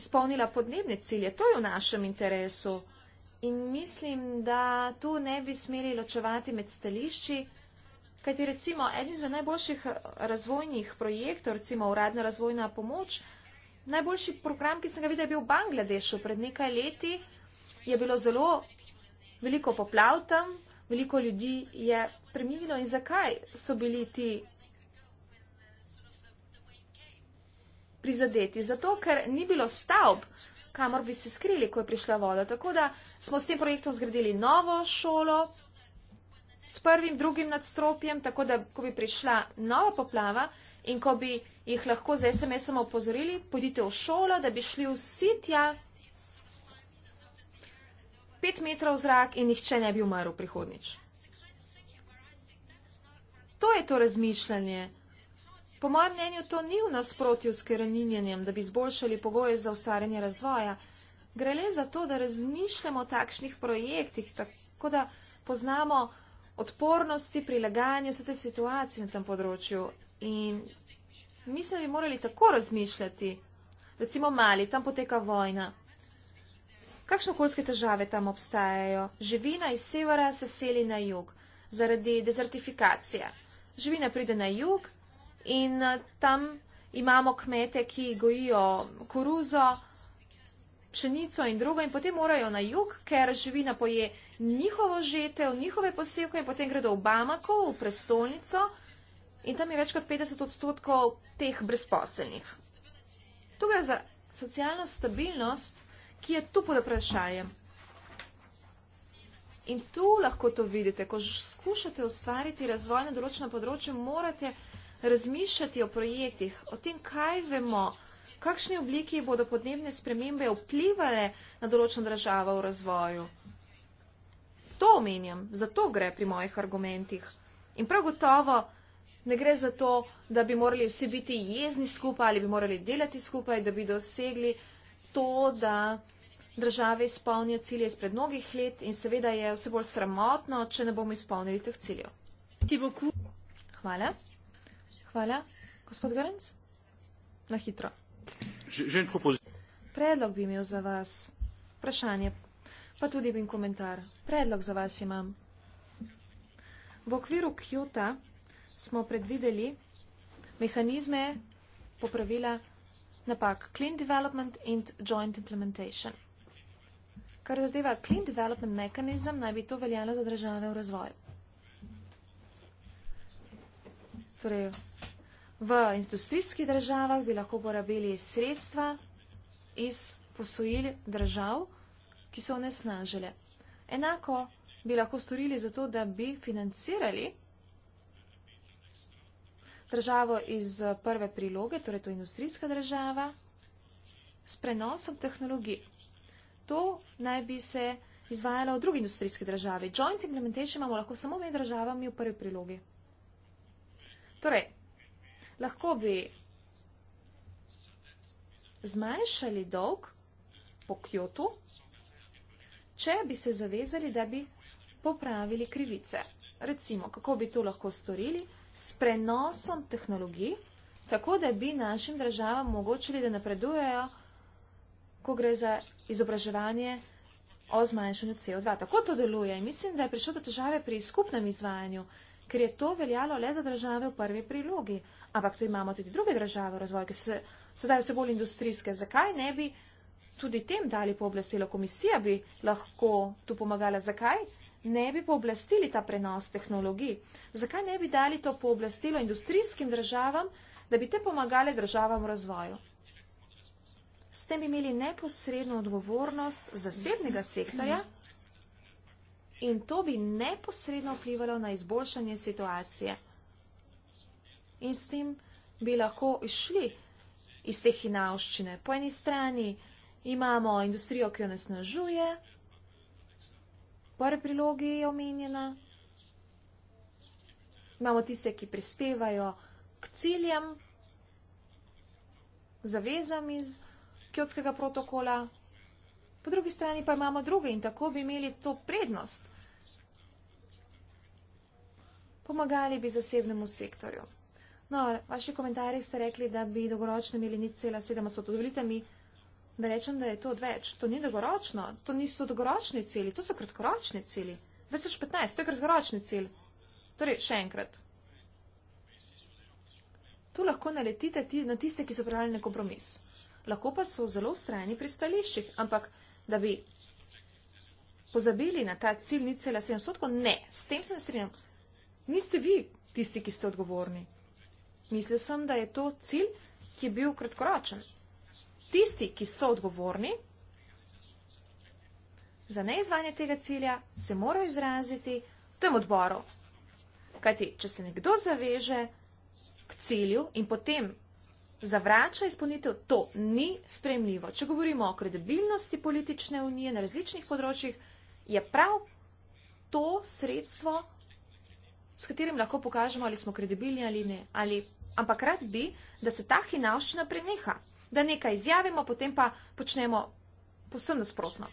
izpolnila podnebne cilje, to je v našem interesu. In mislim, da tu ne bi smeli ločevati med stališči, kajti recimo eden izmed najboljših eh, razvojnih projektov, recimo uradna razvojna pomoč, najboljši program, ki sem ga videl, je bil v Bangladešu pred nekaj leti, je bilo zelo veliko poplav tam, veliko ljudi je preminilo in zakaj so bili ti prizadeti? Zato, ker ni bilo stavb, kamor bi se skrili, ko je prišla voda. Tako da smo s tem projektom zgradili novo šolo s prvim, drugim nadstropjem, tako da ko bi prišla nova poplava in ko bi jih lahko z SMS-om opozorili, pojdite v šolo, da bi šli vsi tja pet metrov v zrak in nihče ne bi umrl prihodnič. To je to razmišljanje. Po mojem mnenju to ni v nasprotju s kreninjenjem, da bi zboljšali pogoje za ustvarjanje razvoja. Gre le za to, da razmišljamo o takšnih projektih, tako da poznamo odpornosti, prilagajanje vse te situacije na tem področju. In mislim, da bi morali tako razmišljati. Recimo mali, tam poteka vojna. Kakšne okoljske težave tam obstajajo? Živina iz severa se seli na jug zaradi dezertifikacije. Živina pride na jug, in eh, tam imamo kmete, ki gojijo koruzo, pšenico in drugo in potem morajo na jug, ker živina poje njihovo žetev, njihove posevke in potem gredo v Bamako, v prestolnico in tam je več kot 50 odstotkov teh brezposelnih. Tukaj je za socialno stabilnost, ki je tu pod vprašanjem. In tu lahko to vidite, ko skušate ustvariti razvoj na določenem področju, morate razmišljati o projektih, o tem, kaj vemo, kakšni obliki bodo podnebne spremembe vplivali na določeno državo v razvoju. To omenjam, zato gre pri mojih argumentih. In prav gotovo ne gre za to, da bi morali vsi biti jezni skupaj ali bi morali delati skupaj, da bi dosegli to, da države izpolnijo cilje izpred mnogih let in seveda je vse bolj sramotno, če ne bomo izpolnili teh ciljev. Hvala. Hvala. Gospod Grenc, na hitro. Že en propozit. Predlog bi imel za vas. Vprašanje. Pa tudi bi komentar. Predlog za vas imam. V okviru Kjota smo predvideli mehanizme popravila napak Clean Development in Joint Implementation. Kar zadeva Clean Development Mechanism, naj bi to veljalo za države v razvoju. torej v industrijskih državah bi lahko porabili sredstva iz posojil držav, ki so onesnažile. Enako bi lahko storili zato, da bi financirali državo iz prve priloge, torej to industrijska država, s prenosom tehnologije. To naj bi se izvajalo v drugi industrijski državi. Joint implementation imamo lahko samo med državami v prvi prilogi. Torej, lahko bi zmanjšali dolg po Kjotu, če bi se zavezali, da bi popravili krivice. Recimo, kako bi to lahko storili s prenosom tehnologij, tako da bi našim državam omogočili, da napredujejo, ko gre za izobraževanje o zmanjšanju CO2. Tako to deluje in mislim, da je prišlo do težave pri skupnem izvajanju ker je to veljalo le za države v prvi prilogi. Ampak tu imamo tudi druge države v razvoju, ki se sedaj vse bolj industrijske. Zakaj ne bi tudi tem dali pooblastilo? Komisija bi lahko tu pomagala. Zakaj ne bi pooblastili ta prenos tehnologij? Zakaj ne bi dali to pooblastilo industrijskim državam, da bi te pomagale državam v razvoju? S tem bi imeli neposredno odgovornost zasebnega sektorja, mm -hmm in to bi neposredno vplivalo na izboljšanje situacije. In s tem bi lahko išli iz te hinavščine. Po eni strani imamo industrijo, ki jo nesnažuje, prvi prilogi je omenjena, imamo tiste, ki prispevajo k ciljem, zavezam iz Kjotskega protokola, po drugi strani pa imamo druge in tako bi imeli to prednost. Pomagali bi zasebnemu sektorju. No, vaši komentarji ste rekli, da bi dogoročno imeli ni cela sedem odstotkov. Dovolite mi, da rečem, da je to odveč. To ni dogoročno, to niso dogoročni cilji, to so kratkoročni cilji. 2015, to je kratkoročni cilj. Torej, še enkrat. Tu lahko naletite na tiste, ki so pripravljeni na kompromis. Lahko pa so zelo ustrajni pri stališčih, ampak da bi pozabili na ta cilj, ni cela 700, ne, s tem se ne strinjam. Niste vi tisti, ki ste odgovorni. Mislil sem, da je to cilj, ki je bil kratkoročen. Tisti, ki so odgovorni za neizvanje tega cilja, se morajo izraziti v tem odboru. Kajti, če se nekdo zaveže k cilju in potem zavrača izpolnitev, to ni spremljivo. Če govorimo o kredibilnosti politične unije na različnih področjih, je prav to sredstvo, s katerim lahko pokažemo, ali smo kredibilni ali ne. Ali, ampak rad bi, da se ta hinavščina preneha, da nekaj izjavimo, potem pa počnemo posebno sprotno.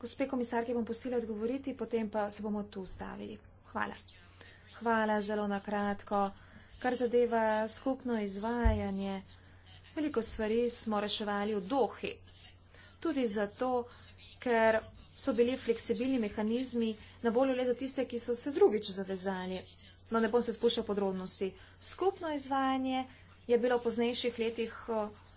Gospe komisarke bom postila odgovoriti, potem pa se bomo tu ustavili. Hvala. Hvala zelo na kratko kar zadeva skupno izvajanje. Veliko stvari smo reševali v dohi. Tudi zato, ker so bili fleksibilni mehanizmi na voljo le za tiste, ki so se drugič zavezali. No, ne bom se spuščal podrobnosti. Skupno izvajanje je bilo v poznejših letih eh,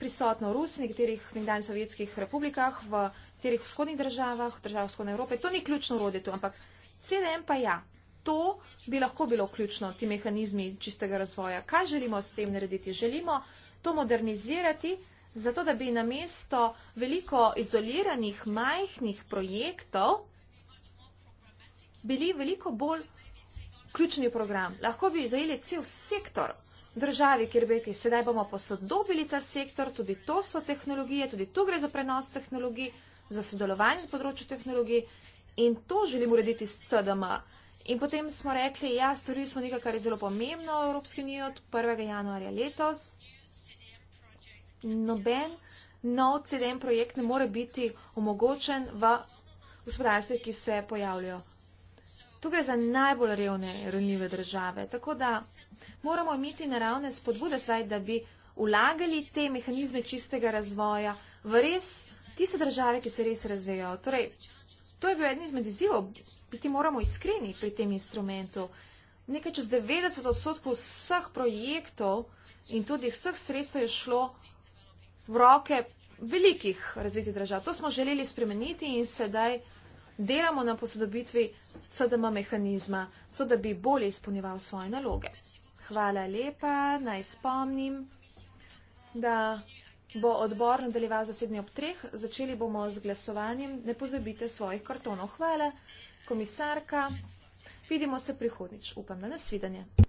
prisotno v Rusi, nekaterih nekdanjih sovjetskih republikah, v nekaterih vzhodnih državah, državah vzhodne Evrope. To ni ključno urodje tu, ampak CDM pa ja to bi lahko bilo ključno, ti mehanizmi čistega razvoja. Kaj želimo s tem narediti? Želimo to modernizirati, zato da bi namesto veliko izoliranih, majhnih projektov bili veliko bolj ključni program. Lahko bi zajeli cel sektor državi, kjer bi rekli, sedaj bomo posodobili ta sektor, tudi to so tehnologije, tudi tu gre za prenos tehnologij, za sodelovanje na področju tehnologij in to želim urediti s CDM. -a. In potem smo rekli, ja, storili smo nekaj, kar je zelo pomembno v Evropski uniji od 1. januarja letos. Noben nov CDM projekt ne more biti omogočen v gospodarstvih, ki se pojavljajo. Tu gre za najbolj revne, ranljive države. Tako da moramo imeti naravne spodbude, saj, da bi vlagali te mehanizme čistega razvoja v res tiste države, ki se res razvijajo. Torej, to je bil eden izmed izzivov, biti moramo iskreni pri tem instrumentu. Nekaj čez 90 odstotkov vseh projektov in tudi vseh sredstev je šlo v roke velikih razvitih držav. To smo želeli spremeniti in sedaj delamo na posodobitvi CDM mehanizma, so da bi bolje izpolnjeval svoje naloge. Hvala lepa, naj spomnim, da bo odbor nadaljeval zasedni ob treh, začeli bomo z glasovanjem, ne pozabite svojih kartonov. Hvala, komisarka, vidimo se prihodnič, upam na nasvidenje.